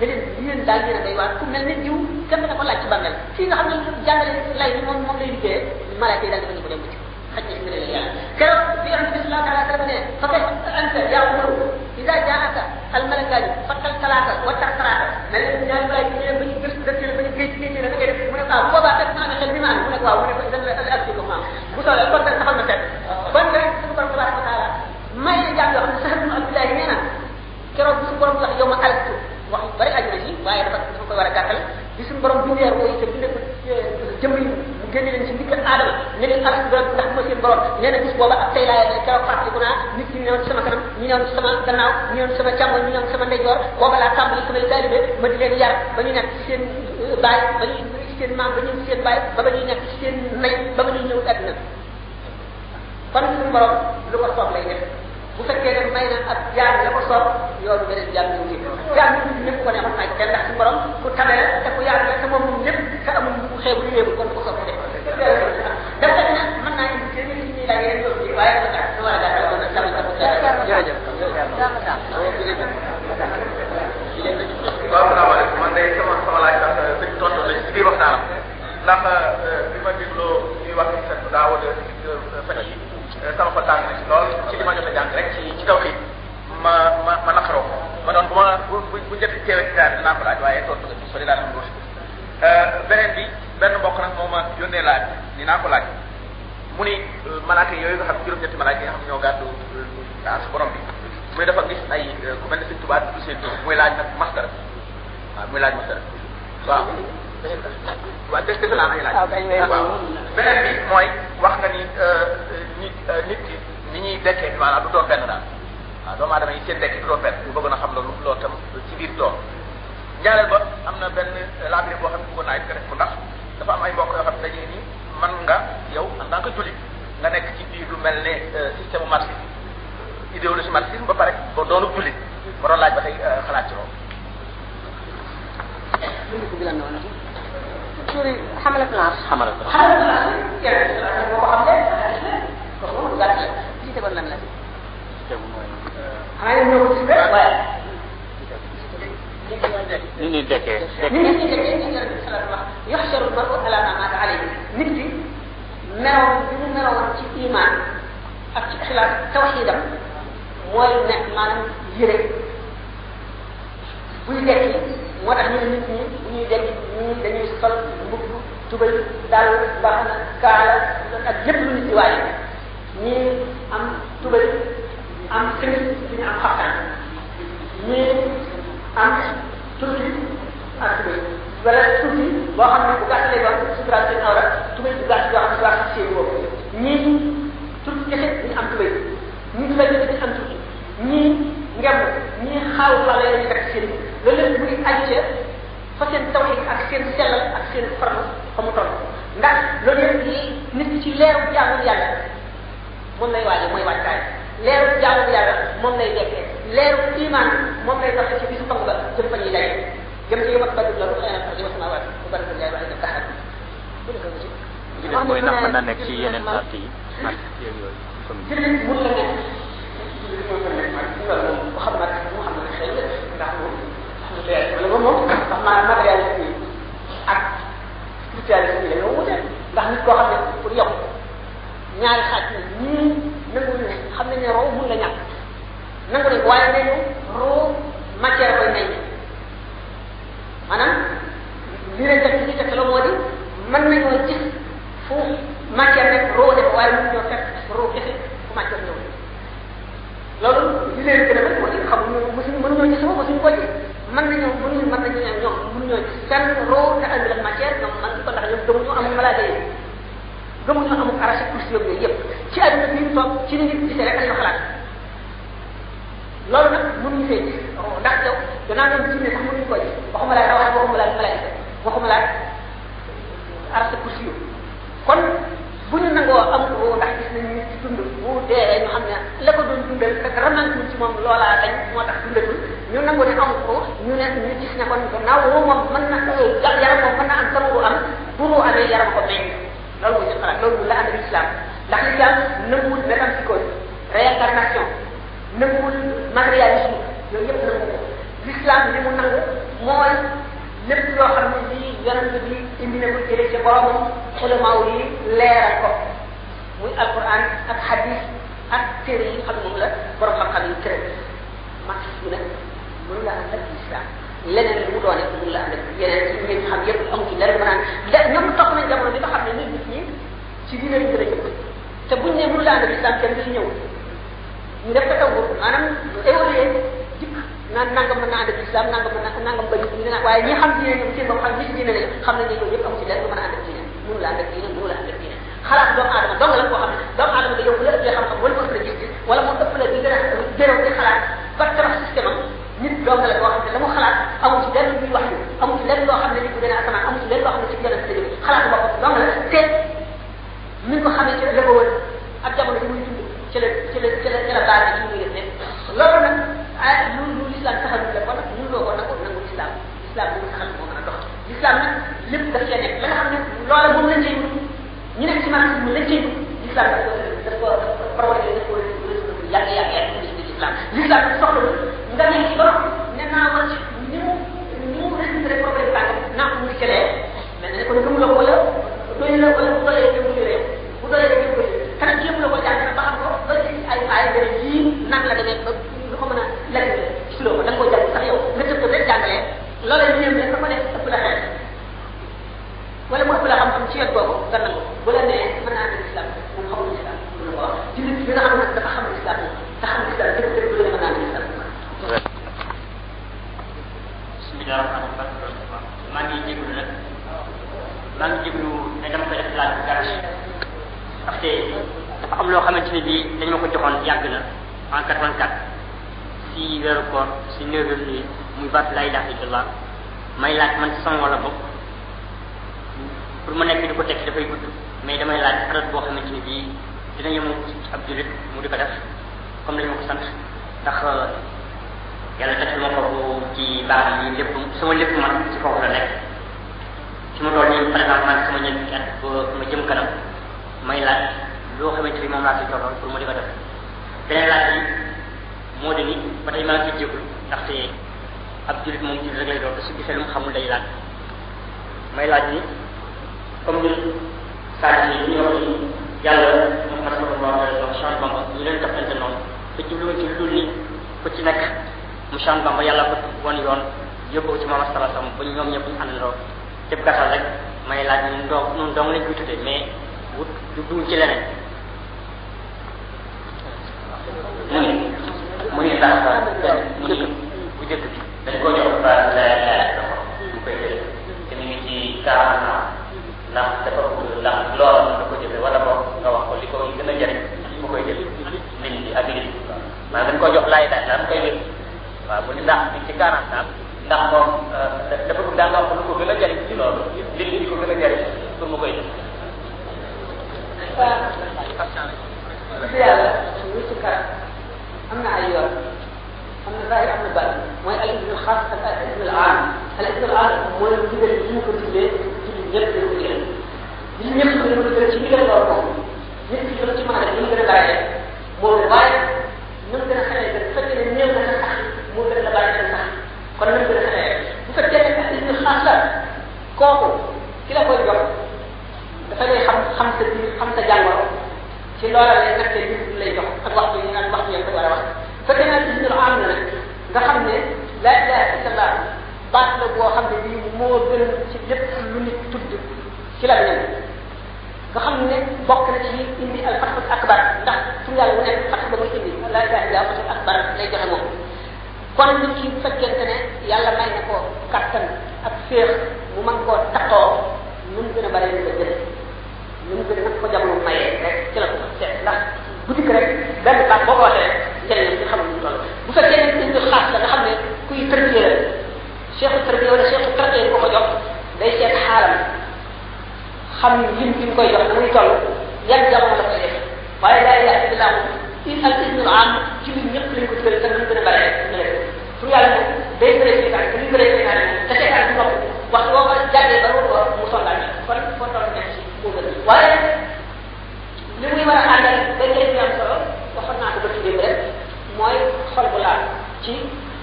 ne leen yéen daal yéen a day waar ku mel ne jiw kenn na ko laaj ci bàmmeel fii nga xam ne jàngale lay ni moom moom lay liggéeyee malaaka yi daal dafa ñu ko dem ci حتى يحمل الياء كلام في عند الله تعالى كلمة إيه؟ فكيف أنت يا غلو إذا جاءك الملك قال فقل ثلاثة وتر ثلاثة من الجانب لا يمكن من جرس ذكر من كيس كيس من غير من قال هو بعد ما أنا خلي معه من قال من إذا الأكل كمان بس على كل تحمل مسألة بند سبحان الله تعالى ما يجعل يوم سهل ما بالله هنا كرب سبحان الله يوم ألقته وحي بريء أجنبي وعيرت سبحان الله bi suñu borom bindee ko itam bind eh, ko jëmm yi mu génne leen ci ndigal aadama ne leen aras borom ndax ma seen borom nee na bis booba ak tey laa yàlla keroog fàttaliku naa nit ñi newoon ci sama kanam ñi newoon ci sama gannaaw ñi newoon ci sama càmmoñ ñi newoon ci sama ndeyjoor booba laa tàmbali samay taalibe ma di leen yar ba ñu nekk ci seen eh, baay ba ñu ci seen maam ba ñu ci seen baay ba ba ñuy nekk ci seen nay ba ba ñuy ñëw àddina kon suñu borom lu ko soob lay def bu fekkee ne may na ak jaam la ko soob yoonu beneen jaam ñu ngi ci jaam ñu ngi ñëpp ko neexoon may kenn ndax suñu borom ku tabee la te ku yaatu la te moom moom ñëpp te amul bu xeebu lu yéebu kon ko soob de def rek nag mën naa indi ci ñi ñuy laaj yeneen yoon bi waaye mën naa ñu war a gàttal mën na sama sama jërëjëf waaw salaamaaleykum man day sama sama laaj sax sëñ tontu lañ si biir waxtaanam ndax bi ma dégloo ñuy wax ci seen daaw de fan yi sama ko tàng ci li ma jot a jàng rek ci ci ma ma ma ma doon bu bu bu bu njëkk teewee ci ko laaj waaye tontu ci sori daal xam beneen bi benn mbokk nag moo ma laaj ni naa ko laaj mu ni malaaka yooyu nga xam juróom-ñetti malaaka nga xam ñoo gàddu as borom bi muy dafa gis ay ku mel ne du seen muy laaj muy laaj ay laaj bi wax nga ni eh, ñi euh, nit ki ni ñuy dekkee maanaam du doon benn daal waaw doomu aadama yi seen dekk du doon benn ñu bëggoon a xam loolu loolu tam ci biir tool ñaareel ba am na benn euh, laabire boo xam ne bëggoon naa it nga ko ay mbokk yoo xam ne dañuy ni man nekk ci biir lu mel ne euh, système marxiste idéologie marxisme ba pare ba doonu jullit ma doon laaj ba tey xalaat ci loolu. فقول قال جيت ولا الناس هاي النور من الذكاء يحشر المرء على ما مات عليه مثلي مروان مروان في إيمان أكيد خلال توحيدا mooy ne maanaam yére buy dekki moo tax ñu nit ñi bu ñuy dekki ñii dañuy sol mbubb tubay dal mbaxana kaala ak yépp lu nit di waaye ñii am tubay am simis ñii am xaftaan ñii am turki ak tubay wala turki boo xam ne bu gàtt lay doon sutural seen awra tubay bu gàtt yoo xam ne waa seen boobu ñii turki kese dañu am tubay ñii tubay kese dañu am turki ñii ngem ñii xaawu la lay dañu fekk seen loolu lépp muy aju ca fa seen tawhid ak seen sellal ak seen farlu fa mu toll ndax loolu yëpp nit ci leeru jaamu yàlla moom lay waaje mooy wàccaay leeru jaamu yàlla moom lay dekkee leeru iman moom lay tax ci bisu pang ba jëm fa ñuy daje jëm ci yëpp bari la ay na ci sama waat bu bari la waaye da taxat ci def mooy ndax mën na nekk ci yeneen parti yi ak yooyu yooyu mun na nekk moom xam na mu xam na xëy ndax moom leer la moom ndax maanaam matériel ak spiritualité yi dañoo wute ndax nit koo xam ne pour yow ñaari xaaj yi ne xam nañ ne roo mun la ñàkk nangu nañ ko waaye nee nañ roo matière koy may maanaam li leen def ci li teg la moo di mën nañoo fu matière rek roo def waaye mënuñoo fekk roo kese fu matière ñëw loolu li leen gën a mel moo di xam mësuñu mënuñoo gis moom mësuñu ko ci mën nañoo mënuñu mën nañu ñoom mënuñoo gis fenn roo la matière ñoom man ko ndax ñoom gëmuñu amul malaaka gëmuñu amul arraché kursi yooyu yooyu yëpp ci àdduna bi ñu toog ci li ñu gisee rek la ñu xalaat loolu nag mënuñu fee gis ndax yow danaa doon jinne sax mënuñu ko ko ndax gis nañu ko doon dundal rek remantuñ ci moom loolaa dañ moo tax dundatul ñu nangu ne am ko ñu ne ñu gis ne kon gannaaw woo moom mën na yaram moom mën na am loolu mooy seen xalaat loolu la am l'islam ndax l'islam nanguwul benn am ci koy réincarnation nanguwul matérialisme yooyu yëpp nangu ko l'islam li mu nangu mooy lépp loo xam ne lii yonent bi indi na ko jëlee ci boromam xulamaaw yi leeral ko muy alquran ak hadis ak téere yi xam moom la borom xam-xam yi tëral marxisme nag mënu la ànd ak l'islam leneen lu mu doone bu la amee yeneen ci ngeen xam yëpp am ci leneen mën a ñoom tax nañ jamono bi nga xam ne nii nit ñi ci biir lañ gën a jëm te buñ ne mënu la ànd islam kenn ci ñëw ñu def ko tawu maanaam évolué dikk naan nangam mën na ànd islam nangam mën na nangam bañ ñu ne waaye ñi xam ci ñoom seen bopp xam ñi ci ne xam nañ ne yooyu yëpp am ci leneen lu mën a ànd ci ñoom mënu la ànd ak diine mënu la ànd ak diine xalaat doomu aadama dong la koo xam ne doomu aadama da yow bu la ëppee xam-xam wala mu ëpp la gis-gis wala mu ëpp la di gën a gërëm di xalaat ba tabax système am nit doom la koo xam ne la mu xalaat amul ci benn buy wax ni amul ci lenn loo xam ne nit gën a asamaan amul ci lenn loo xam ne ci yonent la xalaatu boppam doom la te ni ko xamee ci la ko wër ak jamono bi muy dund ci la ci la ci la ci la baare ci muy def loolu nag ah lu lu l'islam taxal la ko nag mënuloo ko nangu nangu l'islam l'islam bu taxal moo mën a dox l'islam nag lépp daf cee nekk la nga xam ne loola moom lañ cay ñu nekk ci marxisme lañ cay l'islam dafa dafa problème dafa yàgg yàgg yàgg ci l'islam l'islam soxla nga nekk ci borom ne naa war ci ni mu ni mu résoudre problème bànq naa ko mu ngi ci leer mais ne ko gëm la ko wala doy la wala bu doyee dem ci leer bu doyee dem ko ci kanam yëpp la ko jàng na ba xam ko ba ci ay ay dara yii nan la demee ba nga ko mën a lekk ci loo ko da nga koy jàng sax yow nga tëb tëb rek jàngalee loolee ñu ne dafa nekk ëpp la xeex wala mu ëpp la xam-xam ci yet boobu nga nangu bu la nee mën naa ne islam moom xamul islam mun na ko wax jullit bi nga xam ne dafa xamul islam te xamul islam daal amul ban maa ngi jéglu nag maa ngi jéglu ne dama koy def laaj bu gàtt parce que dafa am loo xamante ne bii dañ ma ko joxoon yàgg na en 84 si weeru koor si neuf heures nii muy baat laa ilaaha illallah may laaj man sama wala bopp pour ma nekk di ko tekki dafay gudd mais damay laaj xarat boo xamante ne bii dina yemoo ab jullit mu di def comme dañ ma ko sant yàlla tax ma foofu ci baax yi lépp sama lépp man ci foofu la nekk ci ma tool nii par exemple man sama ñeent at ba ma jëm kanam may laaj loo xamante ni moom laa ci tolloon pour mu di ko def beneen laaj bi moo di ni ba tey maa ngi ciy jégul ndaxte ab jullit moom jullit rek lay doon su gisee lu mu xamul day laaj may laaj ni comme ñun saa yi ñu wax ni yàlla moom ma sama borom ñu leen toppante noonu te jubluwuñ ci lu dul ni ku ci nekk mu Cheikh Bamba yàlla ko woon yoon yóbbu ko ci moom asalaasam ba ñoom ñëpp ñu àndandoo cëb gàttal rek may laaj ñun doo ñun dong lañ koy wut jubluwuñ ci leneen. mu ngi mu ngi sax mu ngi bu njëkk la la mu koy jël te mu ngi ci wala boog nga ko li ko gën a mu koy jël lim bi ak lim bi waaw dañ ko jox laay daal dañ waaw mu ni ndax ñu ci 40 ans ndax moom dafa bëgg daal wax lu ko gën a jariñ ci loolu li li ko gën a jariñ pour mu koy def waaw yàlla ñu ci karam am na ay yoon am na zahir am na bàyyi mooy al ismul xaas ak al ismul aam al ismul aam mooy ndigal yi ñu ko tuddee ci ñëpp dañ ko jël yi ñëpp dañ ko jël ci ndigal loolu moom nit ki ci mën a def ñu gën a bàyyi moom bàyyi ñu gën a xamee kon nañ ko def xeex bu fekkee ne ak ibnu xaas la kooku ki la koy jox dafa lay xam xam sa biir xam sa jàngoro ci loola lay nattee biir lay jox ak waxtu yi naan waxtu yi ko war a wax fekkee nag ibnu am na nag nga xam ne la ilaha illallah baat la boo xam ne bii moo gën ci lépp lu nit tudd ci la ñam nga xam ne bokk na ci indi al fatul akbar ndax su yàlla wu nekk fat ba muy indi la ilaha illallah fatul akbar lay joxe moom kon nit ki bu fekkente ne yàlla may na ko kattan ak féex mu mën koo taxoo nu mu gën a bare nga jël nu mu gën a nag ko jamono mayee rek ci la ko seet ndax bu dikk rek benn baat boo ko waxee njëriñam ci xamul ñu toll bu fekkee ne dañ ko xaas la nga xam ne kuy tërbiye la cheikhu tërbiye wala cheikhu tërbiye ko ko jox day seet xaalam xam lim bi mu koy jox na muy toll yan jamono la koy def waaye daay yaa ci di laa in al isnul am ci lu ñëpp lañ ko tëral te nu mu gën a bare su yàlla moom day bëree seetaan te li bëree seetaan te seetaan du ndox waxtu boo ko jàddee ba war ko mu sonal kon foo toll nekk ci moo gën waaye li muy war a àndal ba ngeen ñu am solo waxoon naa ko ba tuddee rek mooy xol bu laal ci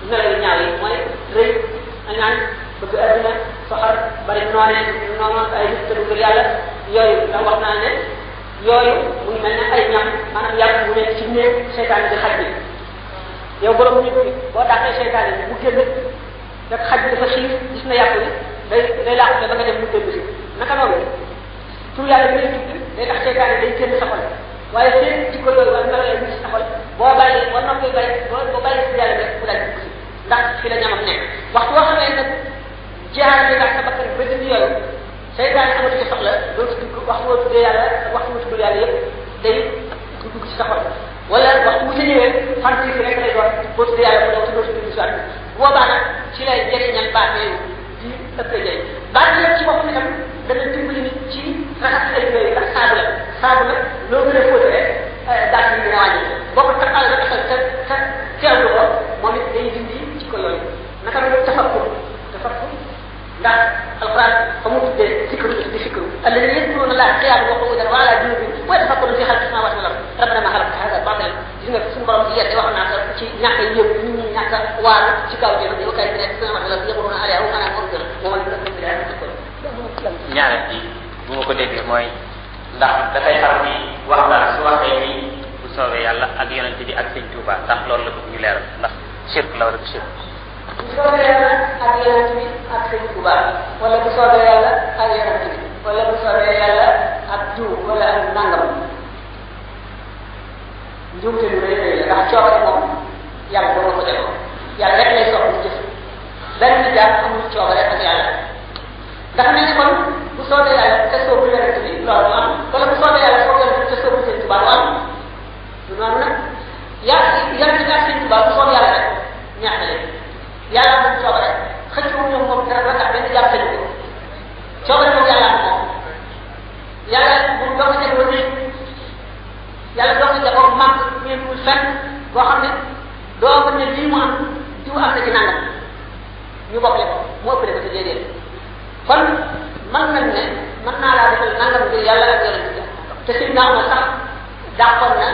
melo yu ñaaw yi mooy rëy añaan bëgg àdduna soxor bari noone noonoon ay nit te du ngir yàlla yooyu ndax wax naa ne yooyu mu ngi mel ne ay ñam maanaam yàlla mu nekk ci néeg seetaan bi xaj bi yow borom nit ki boo dàqee seytaane bi bu génn rek xaj bi dafa xiif na yàpp bi day day laaxut ne ba nga dem mu dellu si naka noonu tur yàlla bi ngay tudd day tax seytaane day génn sa xol waaye seen jikko yooyu wala melo yooyu ñu si sa xol boo bàyyi koy bàyyi boo si yàlla rek mu daal di la ñamam nekk ndax sa bakkan ba dindi yooyu seytaane amatu ci soxla doo waxtu woo tuddee yàlla waxtu woo tuddee yàlla yëpp day dugg ci wala waxtu bu si ñëwee fàttali fi rek lay doon boo tuddee yàlla mu doon tuddoo si biir bu boobaa nag ci lay jëriñal baax yooyu di ëppee jëriñ baax yooyu ci boppam itam dana dimbali nit ci raxas ay yooyu ndax saabu la saabu la loo gën a fóote rek eh, daal di gën a wàññi boo ko taxal ba taxal te te teewlu ko moom it day dindi ci ko yooyu naka la ñu tafakkur بعد القرآن صمود ذكره بشكره الذين يذكرون الله قياما وقعودا وعلى جنوبهم ويتفكرون في خلق السماوات والارض ربنا ما خلقت هذا باطلا جنوب سن برم هي سواء نعك نعك يوم من نعك وار شكاو جنوب وكان في السماوات والارض يمرون عليها وانا مرسل ومن يؤمن بالله يذكر ñaareel bi bu ma ko déggee mooy ndax dafay xar ni wax dara su waxee ni bu soobee yàlla ak yonente bi ak sëñ Tuuba ndax loolu la bëgg ñu leeral ndax shirk la wala shirk bu soobee yàlla ak yonent bi ak sëñ Tuubaa wala bu soobee yàlla ak yonent bi wala bu soobee yàlla ak jiw wala ak nangam njuumte lu rëy rëy la ndax coobare moom yàlla doo ko defoo yàlla rek lay soxla jëf benn bi daal amul coobare ak yàlla ndax nee na kon bu soobee yàlla te soobu yonent bi loolu am wala bu soobee yàlla soobu yonent bi te soobu sëñ Tuubaa am du noonu nag yàlla yàlla bi yàlla moom coobare xëccoo ñoom moom dara ba tax benn jàpp sañu ko coobare moom yàlla am moom yàlla moom doo ko def ba nit yàlla doo ko defoo màgg ngeen mu fenn boo xam ne doo ko ne lii mu am diw am na ci nangam ñu bokk le ko mu ëpp le ko ci déedéet kon mën nañ ne mën naa laa defal nangam ngir yàlla ak yonent te si naaw na sax dàqoon na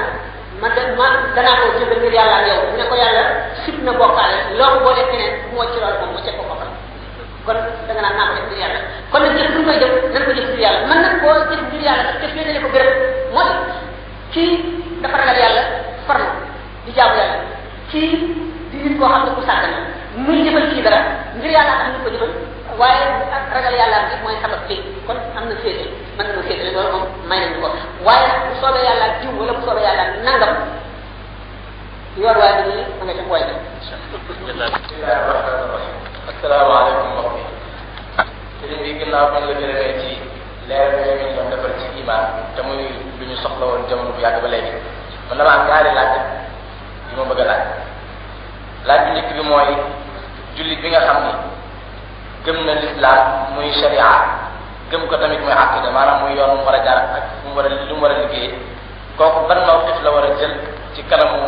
man de man danaa ko jëndal ngir yàlla ak yow mu ne ko yàlla sib na bokkaale loo ko boolee keneen bu moo ci lool moom mu ca ko bokkal kon da nga naan naa ko def ngir yàlla kon nag jëf bu ñu koy jëf nan ko jëf ngir yàlla mën nañ koo jëf ngir yàlla te féetale ko gërëm mooy kii dafa ragal yàlla farlu di jaamu yàlla kii di nit koo xam ne ku sàgg na muy jëfal kii dara ngir yàlla tax ñu ko jëfal waaye ragal yàlla bi mooy sabab bi kon am na féete mën nañoo séddale loolu moom may nañu ko waaye nag bu soobee yàlla ak jiw wala bu soobee yàlla ak nangam yoon waaye bi nii ma nga ca booy bi. asalaamaaleykum mbokk mi. sëriñ bi ginnaaw ban la gërëmee ci leer bi ñu doon defal ci iman te muy lu ñu soxla woon jamono bu yàgg ba léegi man dama am ñaari laaj yu ma bëgg a laaj laaj bi njëkk bi mooy jullit bi nga xam ni gëm na lislaam muy sharia gëm ko tamit mooy àqida maanaam muy yoon mu war a jaar ak mu war a li liggéey kooku ban mawqif la war a jël ci kanamu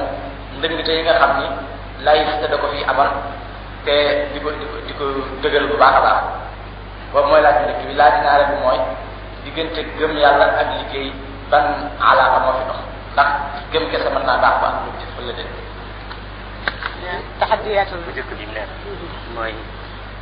ndëngte yi nga xam ni laïcité da ko fi amal te di ko di ko di bu baax a baax boobu mooy laaj bi bi laaj ñaareel mooy diggante gëm yàlla ak liggéey ban alaaka moo fi dox ndax gëm kese mën naa baax ba am lu gis fa la dégg. taxadiyaatul bu njëkk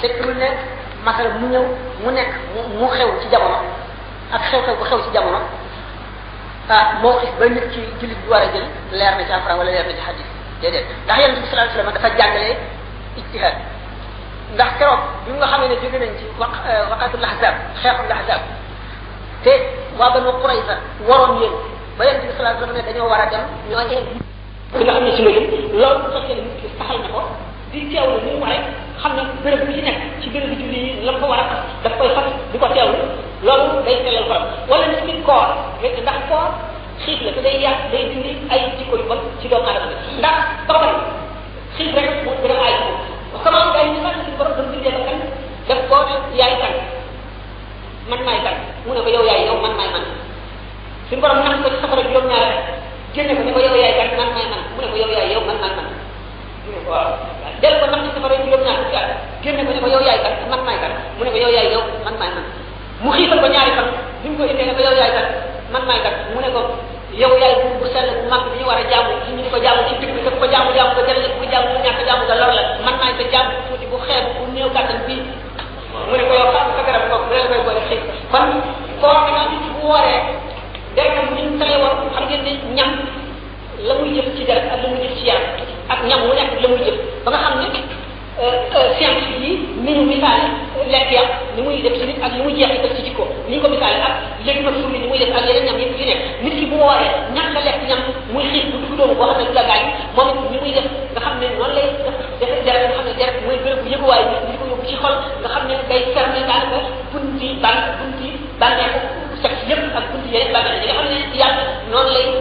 fekkiwul ne masala mu ñëw mu nekk mu xew ci jamono ak xew-xew bu xew ci jamono ah moo xis ba nit ci jullit bi war a jël leer na ci alquran wala leer na ci hadis déedéet ndax yonente bi sallallahu alayhi wasallam dafa jàngalee ijtihad ndax keroog bi nga xamee ne jóge nañ ci waq waqatul ahzab xeexul ahzab te waa banu qurayza waroon yéen ba yonente bi sallallahu alayhi wasallam ne dañoo war a dem ñoo ee li nga xam ne ci la jëm loolu bu fekkee ne nit ki saxal na ko di teewlu ni mu waree xam ne béréb bu ci nekk ci béréb bi julli yi la ko war a daf koy fas di ko teewlu loolu day sellal xolam wala nit ki koor ndax koor xiif la te day yàq day dindi ay jikko yu bon ci doomu aadama bi ndax soxla xiif rek a yaay kan man maay kan mu ne ko yow yaay yow man maay man suñu borom nax ko ci safara juróom-ñaar génne ko ne ko yow yaay kan man maay man mu ne ko yow yaay yow man maay man dellu ko nax ci safara juróom ñaar fukki at génne ko ne ko yow yaay kan man maay kan mu ne ko yow yaay yow man maay man mu ko ñaari fan bi mu ko indee ne ko yow yaay kan man maay kan mu ne ko yow yaay bu sell bu mag bi ñu war a jaamu ci ñu ko jaamu ci digg bi ko jaamu jaamu ko jëlee ko jaamu bu ñàkk jaamu nga lor la ko jaamu tuuti bu xeeb bu néew kàttan bii mu ne ko yow xam sa a kooku dina la koy boole xiif kon koo xam ne bu wooree day am ñu ñu tere xam ngeen ñam la muy jël ci deret ak la muy jël ci yaram ak ñam wu nekk la muy jël ba nga xam ne science yi ni ñu misaale lekk yàq ni muy def ci nit ak li muy jeexital ci jikko ni ñu ko misaale ak léegi ma suur ni muy def ak yeneen ñam yëpp yu nekk nit ki bu wooree ñàkk a lekk ñam muy xiif bu dugg doomu boo xam ne du la gaañ moom it ni muy def nga xam ne noonu lay def deret nga xam ne deret mooy béréb bu yëguwaay nit ko yóbbu ci xol nga xam ne day fermer daanaka bunti ban bunti bànneeku शख्सियत अद्भुत हमने दिया non line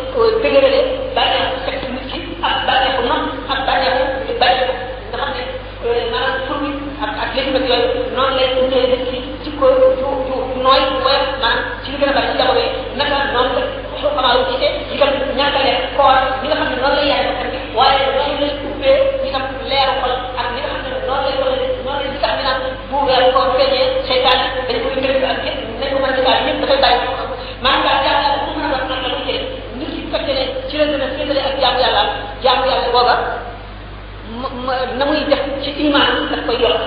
बिगड़े बैठे शख्सियत की अब बैठे को नम अब बैठे को बैठे को हमने माना पूर्वी अब अगले मतलब नॉन लाइन इंटेलिजेंस की जिसको जो जो नॉइज हुआ माना जिनके ना बैठे हुए ना का नॉन तो हमारे पीछे जिकर न्याय करे और जिनका हमने नॉन लाइन आया करके वायर नॉन लाइन पे जिनका लेयर और अब जिनका हमने नॉन लाइन पूरे को उसके लिए शैतानी बिल्कुल इंटरव्यू करके मेरे को मैंने गाड़ी में बदल डाली मैं गाड़ी आता हूँ मैं अपना करने के निश्चित करके लिए चिरंज में फिर मेरे अज्ञान के आला ज्ञान के आला होगा नमुई जब चिटी मान कर कोई और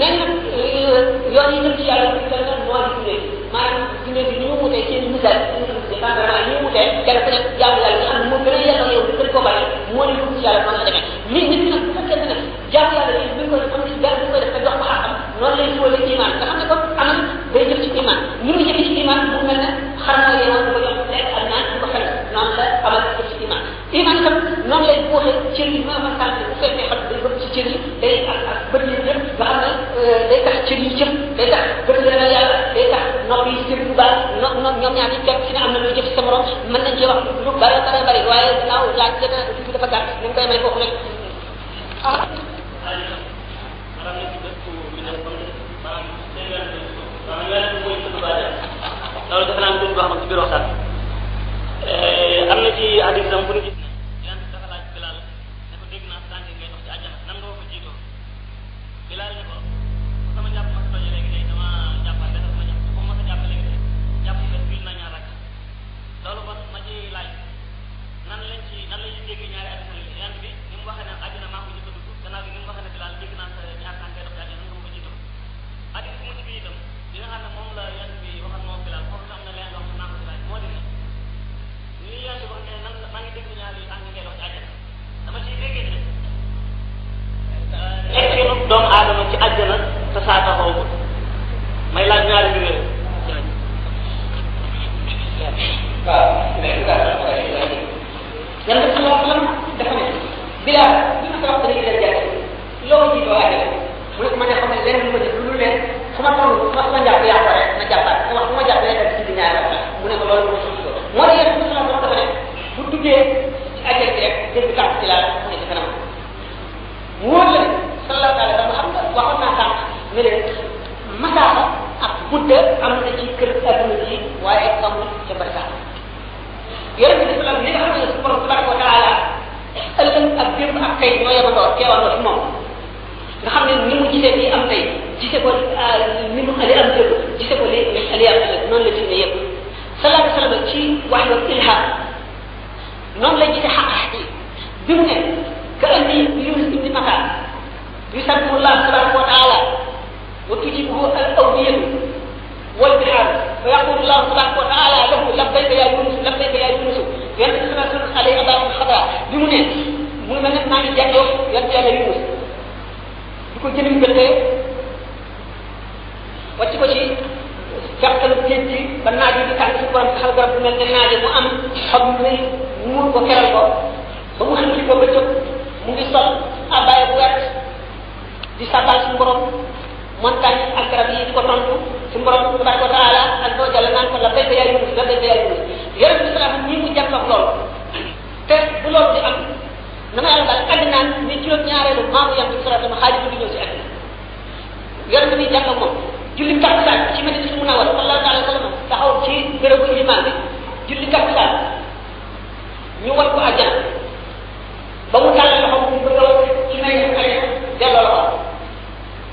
मैं योनि जब किया करना नौ दिखे मैं जिने दिनों मुझे ऐसे मिला देखा करना ये मुझे क्या अपने क्या मिला मुझे ये मुझे को भाई मुझे कुछ किया करना boole cër yi maam ak tànn bu fekkee xam day bëgg ci day ak ak bët yi jëm nga xam day tax cër yi jëm day tax bët la na yàlla day tax nopp yi bu baax no no ñoom ñaar ñi fekk si am na lu jëf sa morom mën nañ ci wax lu bare bare bare waaye gannaaw laaj dana fi dafa gàtt ñu koy may foofu rek ah loolu ci biir waxtaan am na ci diceekol min ali am jëgu diceekole ali am ëllëg noonu la diine yëpp sallallahu alayhi wa sallam ci wax yoon ilham noonu la gisee xaqax yi bi mu ne ka andi yunus ibni matar yusabbihullah tabaraka wa taala wa tujibuhu al awliyatu wal bihar fa yaqulu allah tabaraka wa taala lahu labbayka ya yunus labbayka ya yunus yonte bi sallallahu alayhi wa sallam alayhi abaamu xadra bi mu ne mu ne ma nag maa ngi jàngoo yonte yàlla yunus di ko jënim bëttee wàcc ko ci jàqalu géej gi ba naaj bi di tax ci borom taxal garab bu mel ne naaj mu am xob muy muur ko keral ko ba mu xam li ko ba mu ngi sol abaya bu wet di sabal suñu borom montagne ak garab yi di ko tontu suñu borom tabaraka taala ak doo jàll naan ko la béy ba yàlla la béy ba yàlla yonent bi salaam ñii mu jàntox loolu te bu loolu di am na ma yàlla daal àgg naan ni juróom ñaareelu maamu yam bi si àgg yonent bi jàntox julli takkusaan ci Madina su Munawwara sallallahu alayhi wa sallam taxaw ci bérébu ilimaan bi julli takkusaan ñu war ko ba mu tàllal loxo mu bëgg a ci may ñu ay delloo loxo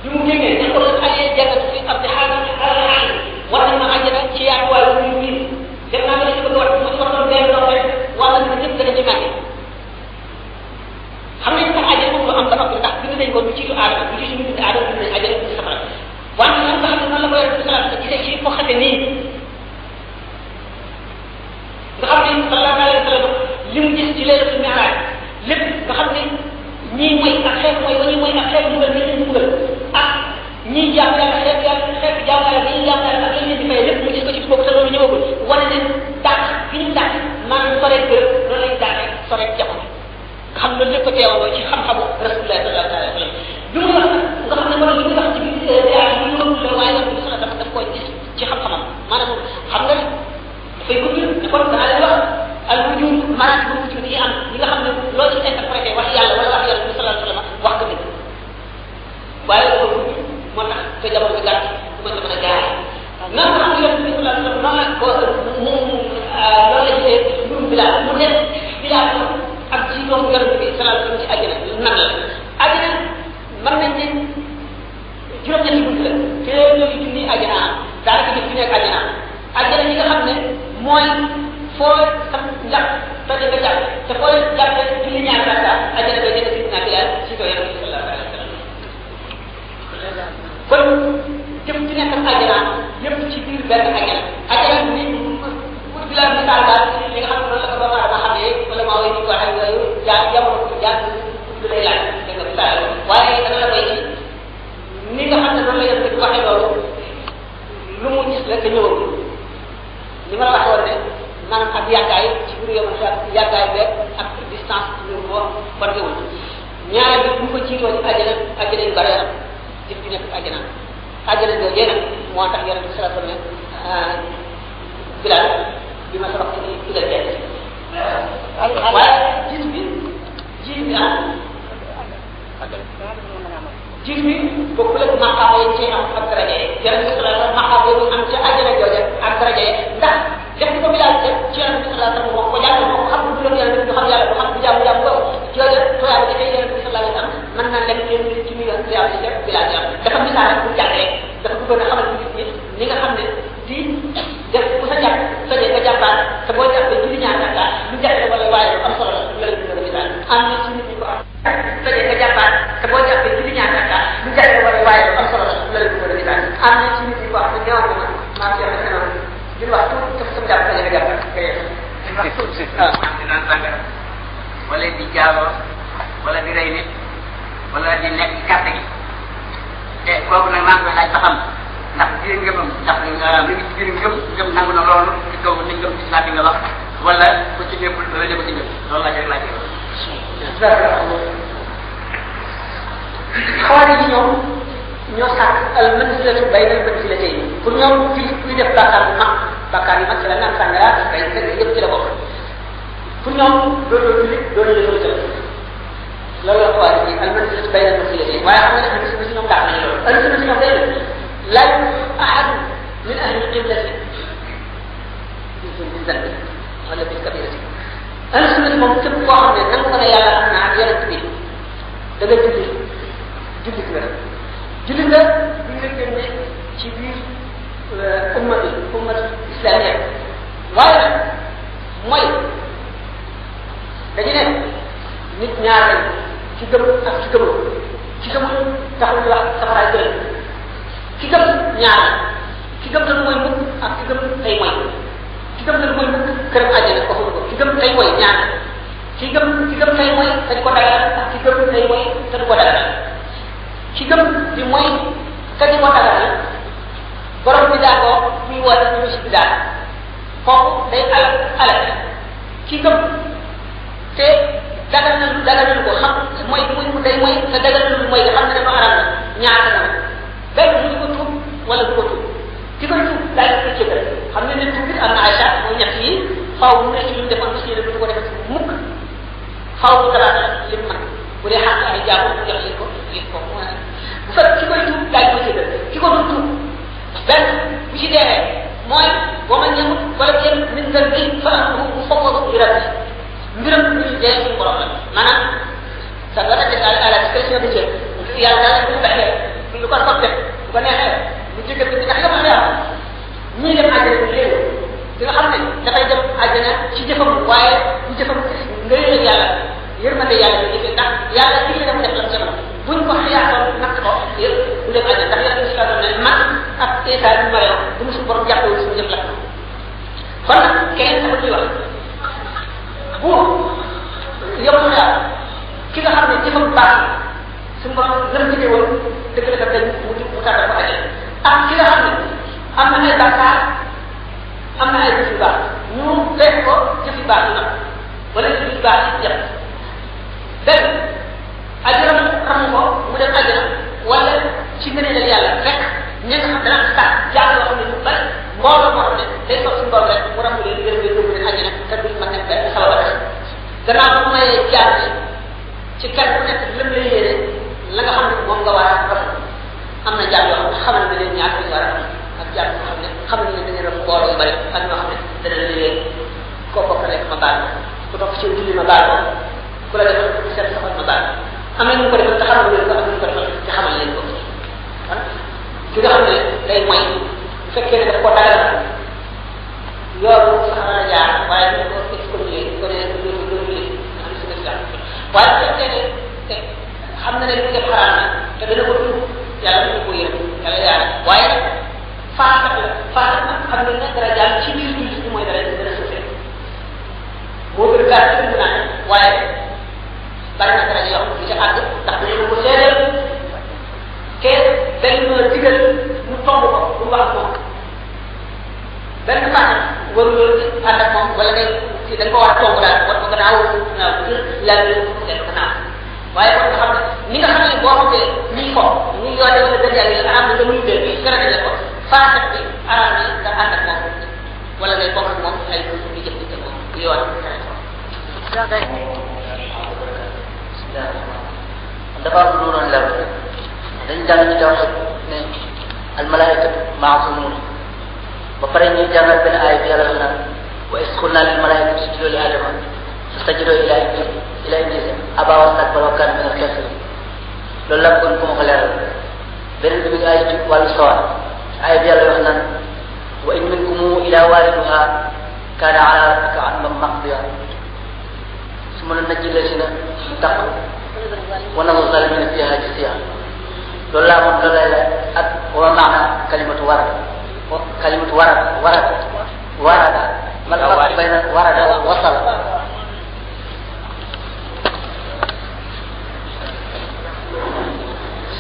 bi mu génnee ne a doon ayee jannatu fi ardi xaalis xaalis xaalis war na ma àjjana ci yaatu waaye lu ñu miin dem naa ba ne si bëgg a war ma ci waroon benn loxo rek wàlla na ñëpp gën a ci màggee xam nga tax àjjana moom lu am ba noppi ndax bind nañ ko lu jiitu aadama lu jiitu bind aadama bind nañ àjjana bind safara waaye nag daal noonu la ko yore si salaam gisee ci ko xamee nii nga xam ne sallallahu alayhi wa sallam li mu gis ci leeratul mi'raaj lépp nga xam ne ñii mooy ak xeet mooy wa ñii mooy ak xeet dugal ni ñu dugal ak ñii jaam yàlla xeet yàlla xeet jaam yàlla ñii jaam yàlla ak yeneen di fay lépp mu gis ko ci boobu te loolu ñëwagul wane ne dàq bi ñu dàq naan sore gërëm loolu lañ dàqee sore jamono xam nga lépp teewandoo ci xam-xamu rasulullah sallallahu alayhi wa sallam bi mu wax nga xam ne borom li mu wax ci biir yaay bi loolu la waaye nag bu sax dafa daf koo gis ci xam-xamam maanaam xam nga dafay gudd kon daal wax al wujud maanaam bu wujud yi am yi nga xam ne loo ci nekkal ذرة xawaari yi ñoom ñoo sàkk al mansilatu bay na mansilatayni pour ñoom ci kuy def bàkkaar bu mag bàkkaar yu mag ci la naan sàngara bay fekk yëpp ci la bokk pour ñoom doon la nit doon la solutal loolu la xawaari yi al mansilatu bay na mansilatayni waaye xam nga ne xam si ñoom daal nañ loolu al sunna si ñoom day la ahad min ahli qiblati bi zulmi wala bil kabirati ahlu sunna moom képp koo xam ne nangu ko ne yàlla am na ak yonent bi da nga julli jullit nga jullit nga bi nga génne ci euh, ne nit ñaar lañ ci gëm ak ci gëmul ci gëmul taxul wax safaraay jël ci gëm ñaar ci ki gëm nag mooy këram àjjana ko ko ki gëm tey mooy ki gëm ki gëm tey mooy dañ ko dagal ak ki gëm tey mooy dañ ko dagal ki gëm bi mooy kañ ko dagal borom bi daa ko muy woote ñu si bidaa kooku ki gëm te dagal na lu dagal na ko xam mooy mu day mooy te dagal na lu mooy nga xam ne dafa aral ñaata na benn du ko tuub wala du ko tuub di ko def daal di ko jégal xam ne nit bi am na ay chartes mooy ñett yi faaw mu nekk lu mu defoon fas yéene mu dalaata li mu mën ko mu bu ki koy tuub daal di ki ko dul tuub benn mooy boo ma ñëwul wala kenn min nga gën fa mu foog ko mbiram mbiram bu ñu dee suñu borom la maanaam sa nga daal à la discrétion yàlla daal di taxee lu ko soxla bu ko neexee bu jëkkër bi ndax yow yaa ñuy dem àjjana bi léegi di nga xam ne dafay dem àjjana ci jëfam waaye bu jëfam nga yëg yàlla yërmande yàlla bi jëfe ndax yàlla ci ñu dem def la soxla buñ ko xiyaasoon natt ko yëpp du dem àjjana ndax yàlla si la doon ne man ak Isa bi Mariam bu ñu suñu borom jàppee suñu jëf la kon nag keneen dafa ñuy wax bu yokku daal ki nga xam ne jëfam baax suñu borom lam liggéey woon dëgg la daf dañ mu mu tàggat ko aje ak ki nga xam ne am na ay bàkkaar am na ay jëf yu baax ñu lekk ko jëf yu baax yi nag wala jëf yu baax yi yëpp dégg ajjana ramu ko mu dem ajjana wala ci ngëneelal yàlla fekk ñi nga xam danaa sax yàlla loo xam ne ñu bari mbooloo moo xam ne day toog suñu borom rek mu ramu leen yërëm leen yóbbu leen ajjana te duñ mën nekk benn sabab gannaaw bu mayee jaar ci kenn ku nekk lim lay yéene la nga xam ne moom nga war a rafet am na jàpp yoo xam ne xamal na leen ñaar ñu war a ak jàpp yoo xam ne xamal na dañuy def mbooloo yu bëri ak ñoo xam ne dana la leen koo bokk rek ma baal ku topp ci julli ma baal ku la defal seet saxal ma baal am na ñu ko defal te xamal leen ko am na ñu ko defal te xamal leen ko ki nga xam ne day moy bu fekkee ne daf koo dagal yoonu sax mën a jaar waaye dañ ko excommunier ko ne ko waaye bu fekkee ne xam na ne lu mu def xaraam na te dana ko tuub yàlla dana ko yërëm yàlla yaara waaye nag faatax la faatax nag xam nga ne dara jàll ci biir jullit bi mooy dara dana dana sëfee moo gën gàtt mu naan waaye bari na dara yoo xam ne ci àgg ndax dañu ko seedeel te benn digal mu tomb ko mu wax ko benn faatax warul loolu ànd ak moom wala ngay ci dañ ko war a tomb daal war ko gannaaw naa ko jël yàlla ko gannaaw waaye kon nga xam ne li nga xam ne boo xamee ñuy ko ñuy yoo dem la dëgg yàlla am na nga muy dëgg bi sërëte la ko faasat bi arab bi nga ànd ak moom wala ngay bokk ak moom ay lu ñu jëm ci moom bu yoon dafa am lu doon lew dañ jàng ñu taw ne al malaika maasumun ba pare ñuy jàngal benn aay bi yàlla na wa is qulna lil malaika isjudu li adama fastajadu ila iblis ilay gis abawas ak barokaan bi nga xees loolu laa bëggoon ku ma ko leeral beneen bi mi ngi ay ci wàllu sawar ay bi yàlla wax naan wa in minkum ila waariduha kaana ala rabbika amran maqdiya su ma la najjilee si na tax wa nara zalimina fiha jasiya loolu laa moom loolu lay la ak wa maana kalimatu warada kalimatu warada warada warada man farq bayna warada wasala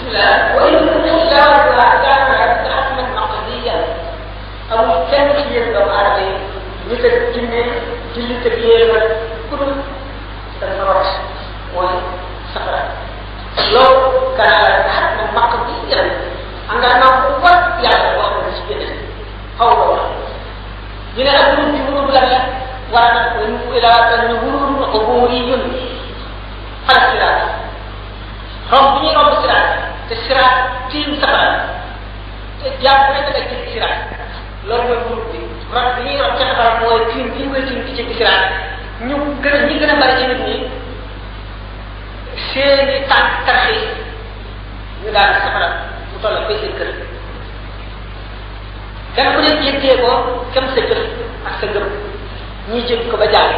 بسم الله والنصوص لا تتعلم تتحمل او كان كبير بالعربي مثل الجنة جلي تبيير كل الفرس والصخرة لو كان تحمل عقديا عندنا قوة يعني واحد مسكين حول الله من أبنون جمهور لنا ونحن إلى تنهور قبوري خلق سلاله ربي رب سلاله te siraat tiim safara te jàpp rek nga ci siraat loolu mooy pour bi rab bi safara mooy tiim bi ñu koy tiim ci ci siraat ñu gën a ñi gën a bari ci safara mu toll koy seen kër kenn ku nekk yëggee ko kem sa jëf ak sa ngëm ñii jëf ko ba jàll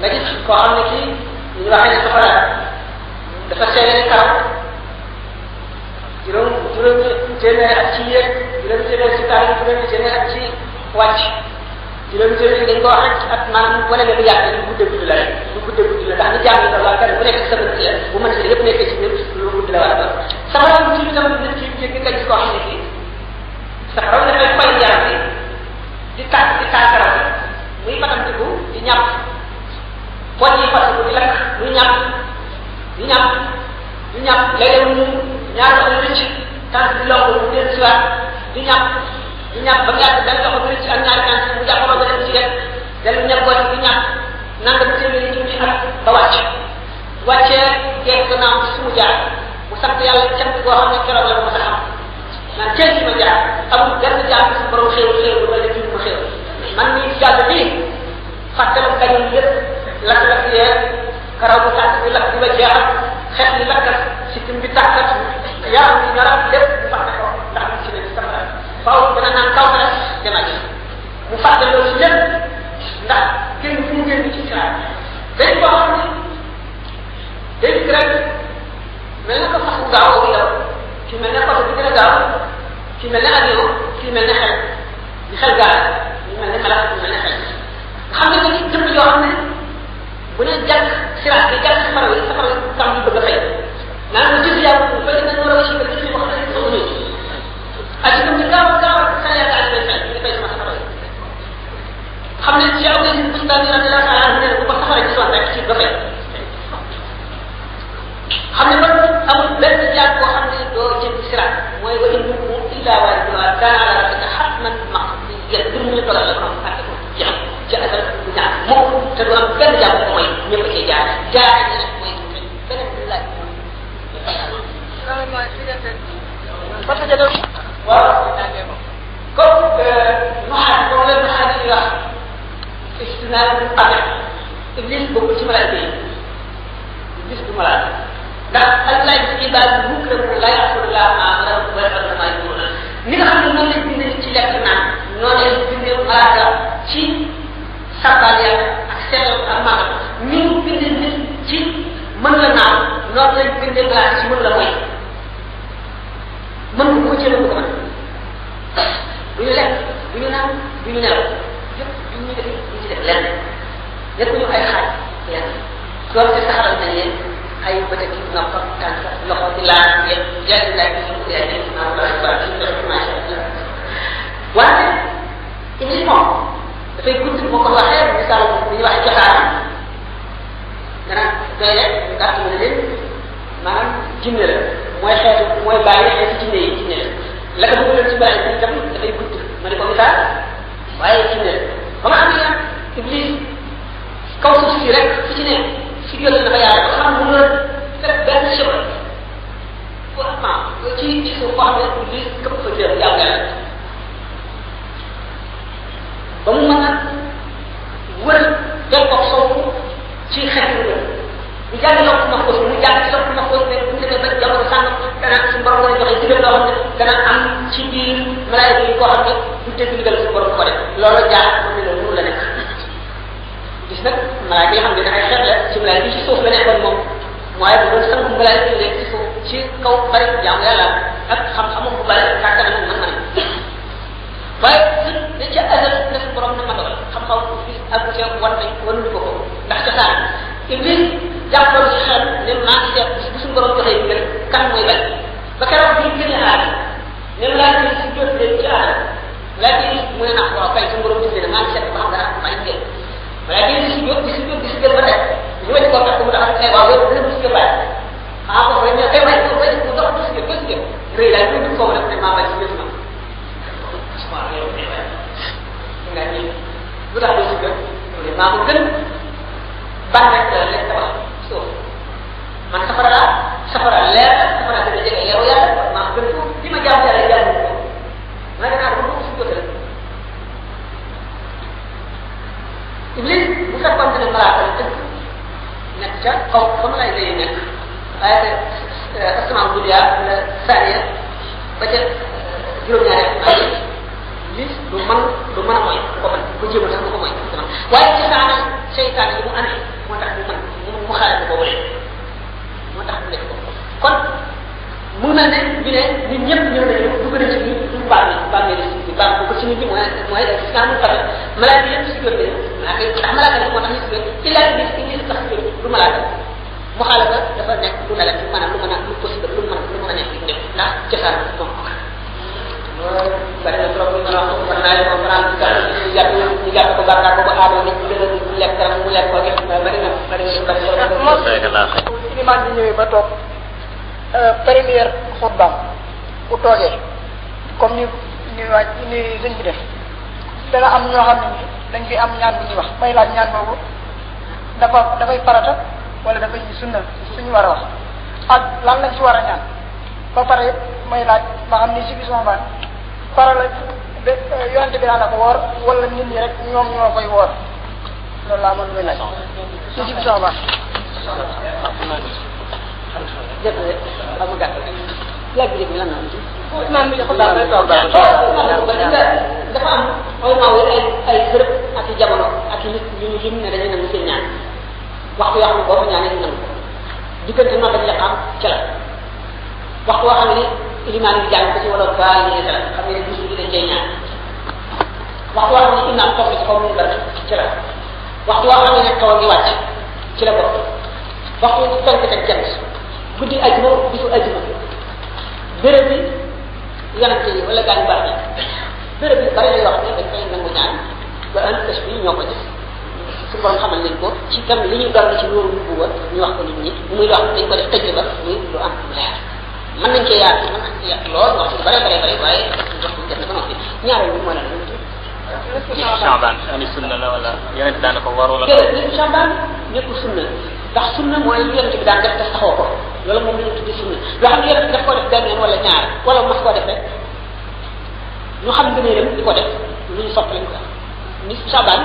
nga gis koo xam ne kii safara dafa seere karam juróom juróomi téeméer ak ci yéen juróomi téeméer ci taal juróomi téeméer ak ci wàcc juróomi téeméer dañ koo xaj ak maanaam wane nga du yàgg lu gudde gudd la rek lu gudde gudd la ndax ñu jàng ko waa kenn bu nekk sa bëgg la bu mën yëpp nekk ci biir lu gudd la war a doon saxara bu ci tam nit ci jéggi kañ koo xam di ñàkk léeg-léeg mu ñaar loxo rëcc tànk bi lonku mu dellu si waat di ñàkk di ñàkk ba mu yàgg benn loxo rëcc ak ñaari tànk mu jàpp ba beneen ci rek dellu nekkoon di ñàkk nanga bi téeméeri junni at ba wàcc wàccee geeg ko naam sumu jaar mu sant yàlla cant goo xam ne keroog la mos a am naan kenn ci ma jaar amul benn jaar su borom xéewal xéewal wala jiw ma xéewal man mii jàll nii fàttaliku kañu lépp lakk-lakk yee karaw bu tànk bi lakk di la jeexal xet li lakkat si tim bi tàkkat yaram bi ñaram lépp mu fàtte ko ndax mu si ne di samara faaw dana naan kaw na dana ci mu fàtte loolu si lépp ndax génn bu mu génn ci siraat dañ ko xam ni dañ rek mel na ko sax mu gaaw ak yow ci mel ne côté bi gën a gaaw ci mel ne avion ci mel ne xel di xel gaal di mel ne xalaat di mel ne xel xam nga ni jëm yoo xam ne bu ñuy jàng siraat bi jàng safara wi safara wi sàmm bëgg a fay naan ko jëf yàlla bu fay dinañ war a wasi ba gis wax na sama nit ak itam ñu gaaw gaaw sa yàlla ak fay ñu fay sama safara wi xam ne ci aw ngeen bu ñu daan yàlla la taala ne bu ko safara gisoon rek ci ba fay xam ne man amul benn jaar boo xam ne doo jëm siraat mooy wa in minkum illa waariduha kaana ala rabbika hatman maqdiyyan lu ñu dogal la borom fàtte ko jeex ci asal bu ñaar moom te du am benn jaar bu mooy ñëpp ci jaar jaar ñi nag mooy beneen bi laaj waaw comme maxaar comme la maxaar yi wax istinaan bu pare iblis bokk ci malaaka yi iblis du malaaka ndax allah ci baal bi mu kër pour lay asulullah maanaam mooy ornement yi ni nga xam ne noonu lañ bindee ci lekk naan noonu lañ bindee malaaka ci sabbal yàlla ak seetal ak maanaam ni mu bindee nit ci mën la naan noonu lañ bindee glace ci mën la mooy mën ko jëlee ko man du ñu lekk du ñu naan du ñu nelaw yëpp du ñu def du ñu ci def lenn nekkuñu ay xaaj lenn loolu te saxaral nañ leen ay bët ak i nopp tànk loxo ci laaj yëpp jënd naa ci suuf si ay nit ñi mu mel ne ñu ne ñun ñëpp ñoo ne dugg ci ñu bàmmeel bàmmeel ci bàmm ko ci nit ñi mooy mooy def ci amul xamal malaaka yëpp si gën leen malaaka yëpp ndax malaaka moo tax ñu ci laaj bi ci ñu tax ci du malaaka mu xaala ba dafa nekk lu ne ci maanaam lu mën a lu possible lu mën lu mën nekk ñu def ndax cosaan moom ko bari na trop ñu wax ko naa leen comprendre ci kan ñu jàpp ñu jàpp ko bàkkaar ko ba aadoo nit ñu lekk mu lekk ko bari na bari na bari na bari na bari na bari na bari na bari na bari na bari na bari na Euh, première xutbaam bu toogee comme ni ni waaj ni sëñ bi de dana am ñoo xam ne dañ ki am ñaan bu ñuy wax may laaj ñaan boobu dafa dafay farata wala dafay sunna suñu war a wax ak lan lañ ci war a ñaan ba pare may laaj ma xam ni si bi sama baat fara la bé euh, yonente bi daana ko woor wala nit ñi rek ñoom ñoo koy woor loolu laa mën muy laaj si bi sama baat jërëjëf amul gàtt laaj bi njëkk bi lan la am ci. naan bi dafa baax dafa am ay ay ay bërëb ak i jamono ak i nit ñu ñu lim ne dañuy nangu seen ñaan waxtu yoo xam ne boo ko ñaanee ñu nangu ko diggante noonu dañuy xam ci la waxtu boo xam ne limaan bi jàng ko ci wala baal ñu ne dara xam ne bis bi dañ cay ñaan waxtu boo xam ne imaam toog ci kaw mu bëri ci la waxtu boo xam ne nag taw a ngi wàcc ci la bokk waxtu fenk teg jant guddi ajuma bisu ajuma béréb bi yonante yi wala gaañ baax yi béréb yu bari la yoo xam ne dañ koy nangu ñaan ba un pêche bi ñoo ko def su borom xamal leen ko ci tam li ñu doon ci loolu bu wa ñu wax ko nit ñi muy loo xam ne dañ ko def tëj ba muy lu am leer mën nañ cee yaatu mën nañ cee yaatu lool wax ci bare bare bare waaye wax def na ba noppi ñaareel bi mooy lan la Chaban ani sunna la wala yeneen daanaka waru la. Déedéet nekkul Chaban nekkul sunna ndax sunna mooy lu yonent bi daan def te saxoo ko loolu moom la ñu tuddi sunna loo xam ne yonent bi daf koo def benn yoon ñaar wala mas koo def ñu xam ngëneelam di ko def lu ñu sopp lañ ko xam ne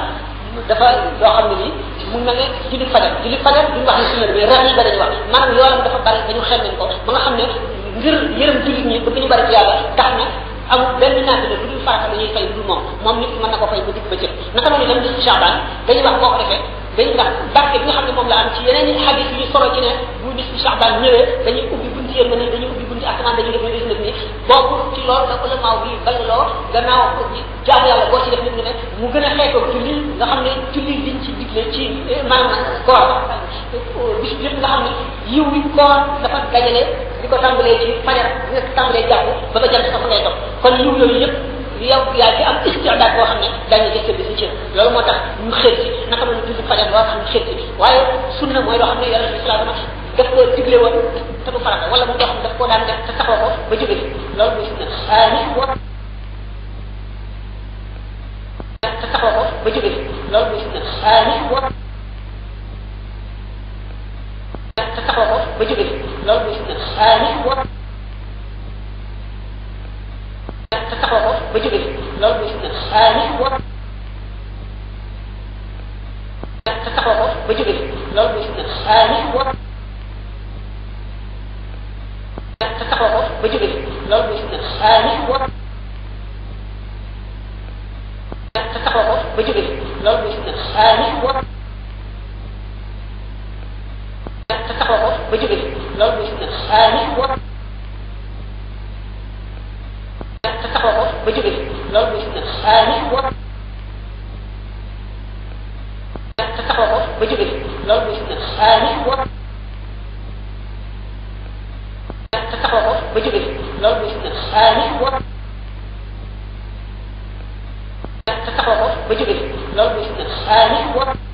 nii mun na ne julli fajar julli fajar duñu wax ne sunna mais ragal ba dañu wax maanaam yoolam ko ba nga xam ne ngir yërëm jullit ñi bëgg yàlla tax na amul benn naafila lu dul farata dañuy fay lu dul moom moom nit mën na ko fay ba digg ba cëg naka noonu itam ni Saabaan dañuy wax boo ko dañ ndax barke bi nga xam ne moom la am ci yeneen i xadis yu solo ci ne bu bis bu Saxbaan ñëwee dañuy ubbi bunti yéen mën dañuy ubbi bunti asamaan dañuy def ne def ni ci ci def nit ñu ne mu gën a xeetoo julli nga xam ne julli liñ ci digle ci eh, maanaam koor bis bi nga xam ne yiw wi dafa dajale di ko tàmbalee ci fajar di ko tàmbalee jàpp ba ba jant sax ngay topp kon yiw yooyu yëpp yow yaa ci am istirdaat boo xam ne dañu gis bi si ci loolu moo tax ñu xër ci naka mën julli fajar loo xam ne xër ci waaye sunna mooy loo xam ne yàlla bi salaam daf ko digle woon te du farata wala mu loo xam daf koo daan def te saxoo ko ba jóge loolu mooy sunna nit boo te saxoo ko ba jóge loolu mooy sunna nit boo te saxoo ko ba jóge loolu mooy sunna nit boo te saxoo ko ba jóge fi loolu muy fitna waaye nit boo te saxoo ko ba jóge fi loolu muy fitna waaye nit boo te saxoo ko ba jóge fi loolu muy fitna waaye nit boo te saxoo ko ba jóge fi loolu muy fitna waaye nit boo te saxoo ko ba jóge fi loolu muy fitna waaye nit boo te taxoo ko ba jóge loolu mooy sunna waaye nit boo te taxoo ko ba jóge loolu mooy sunna waaye nit boo te taxoo ko ba jóge loolu mooy sunna waaye nit boo te taxoo ko ba jóge loolu mooy sunna waaye nit boo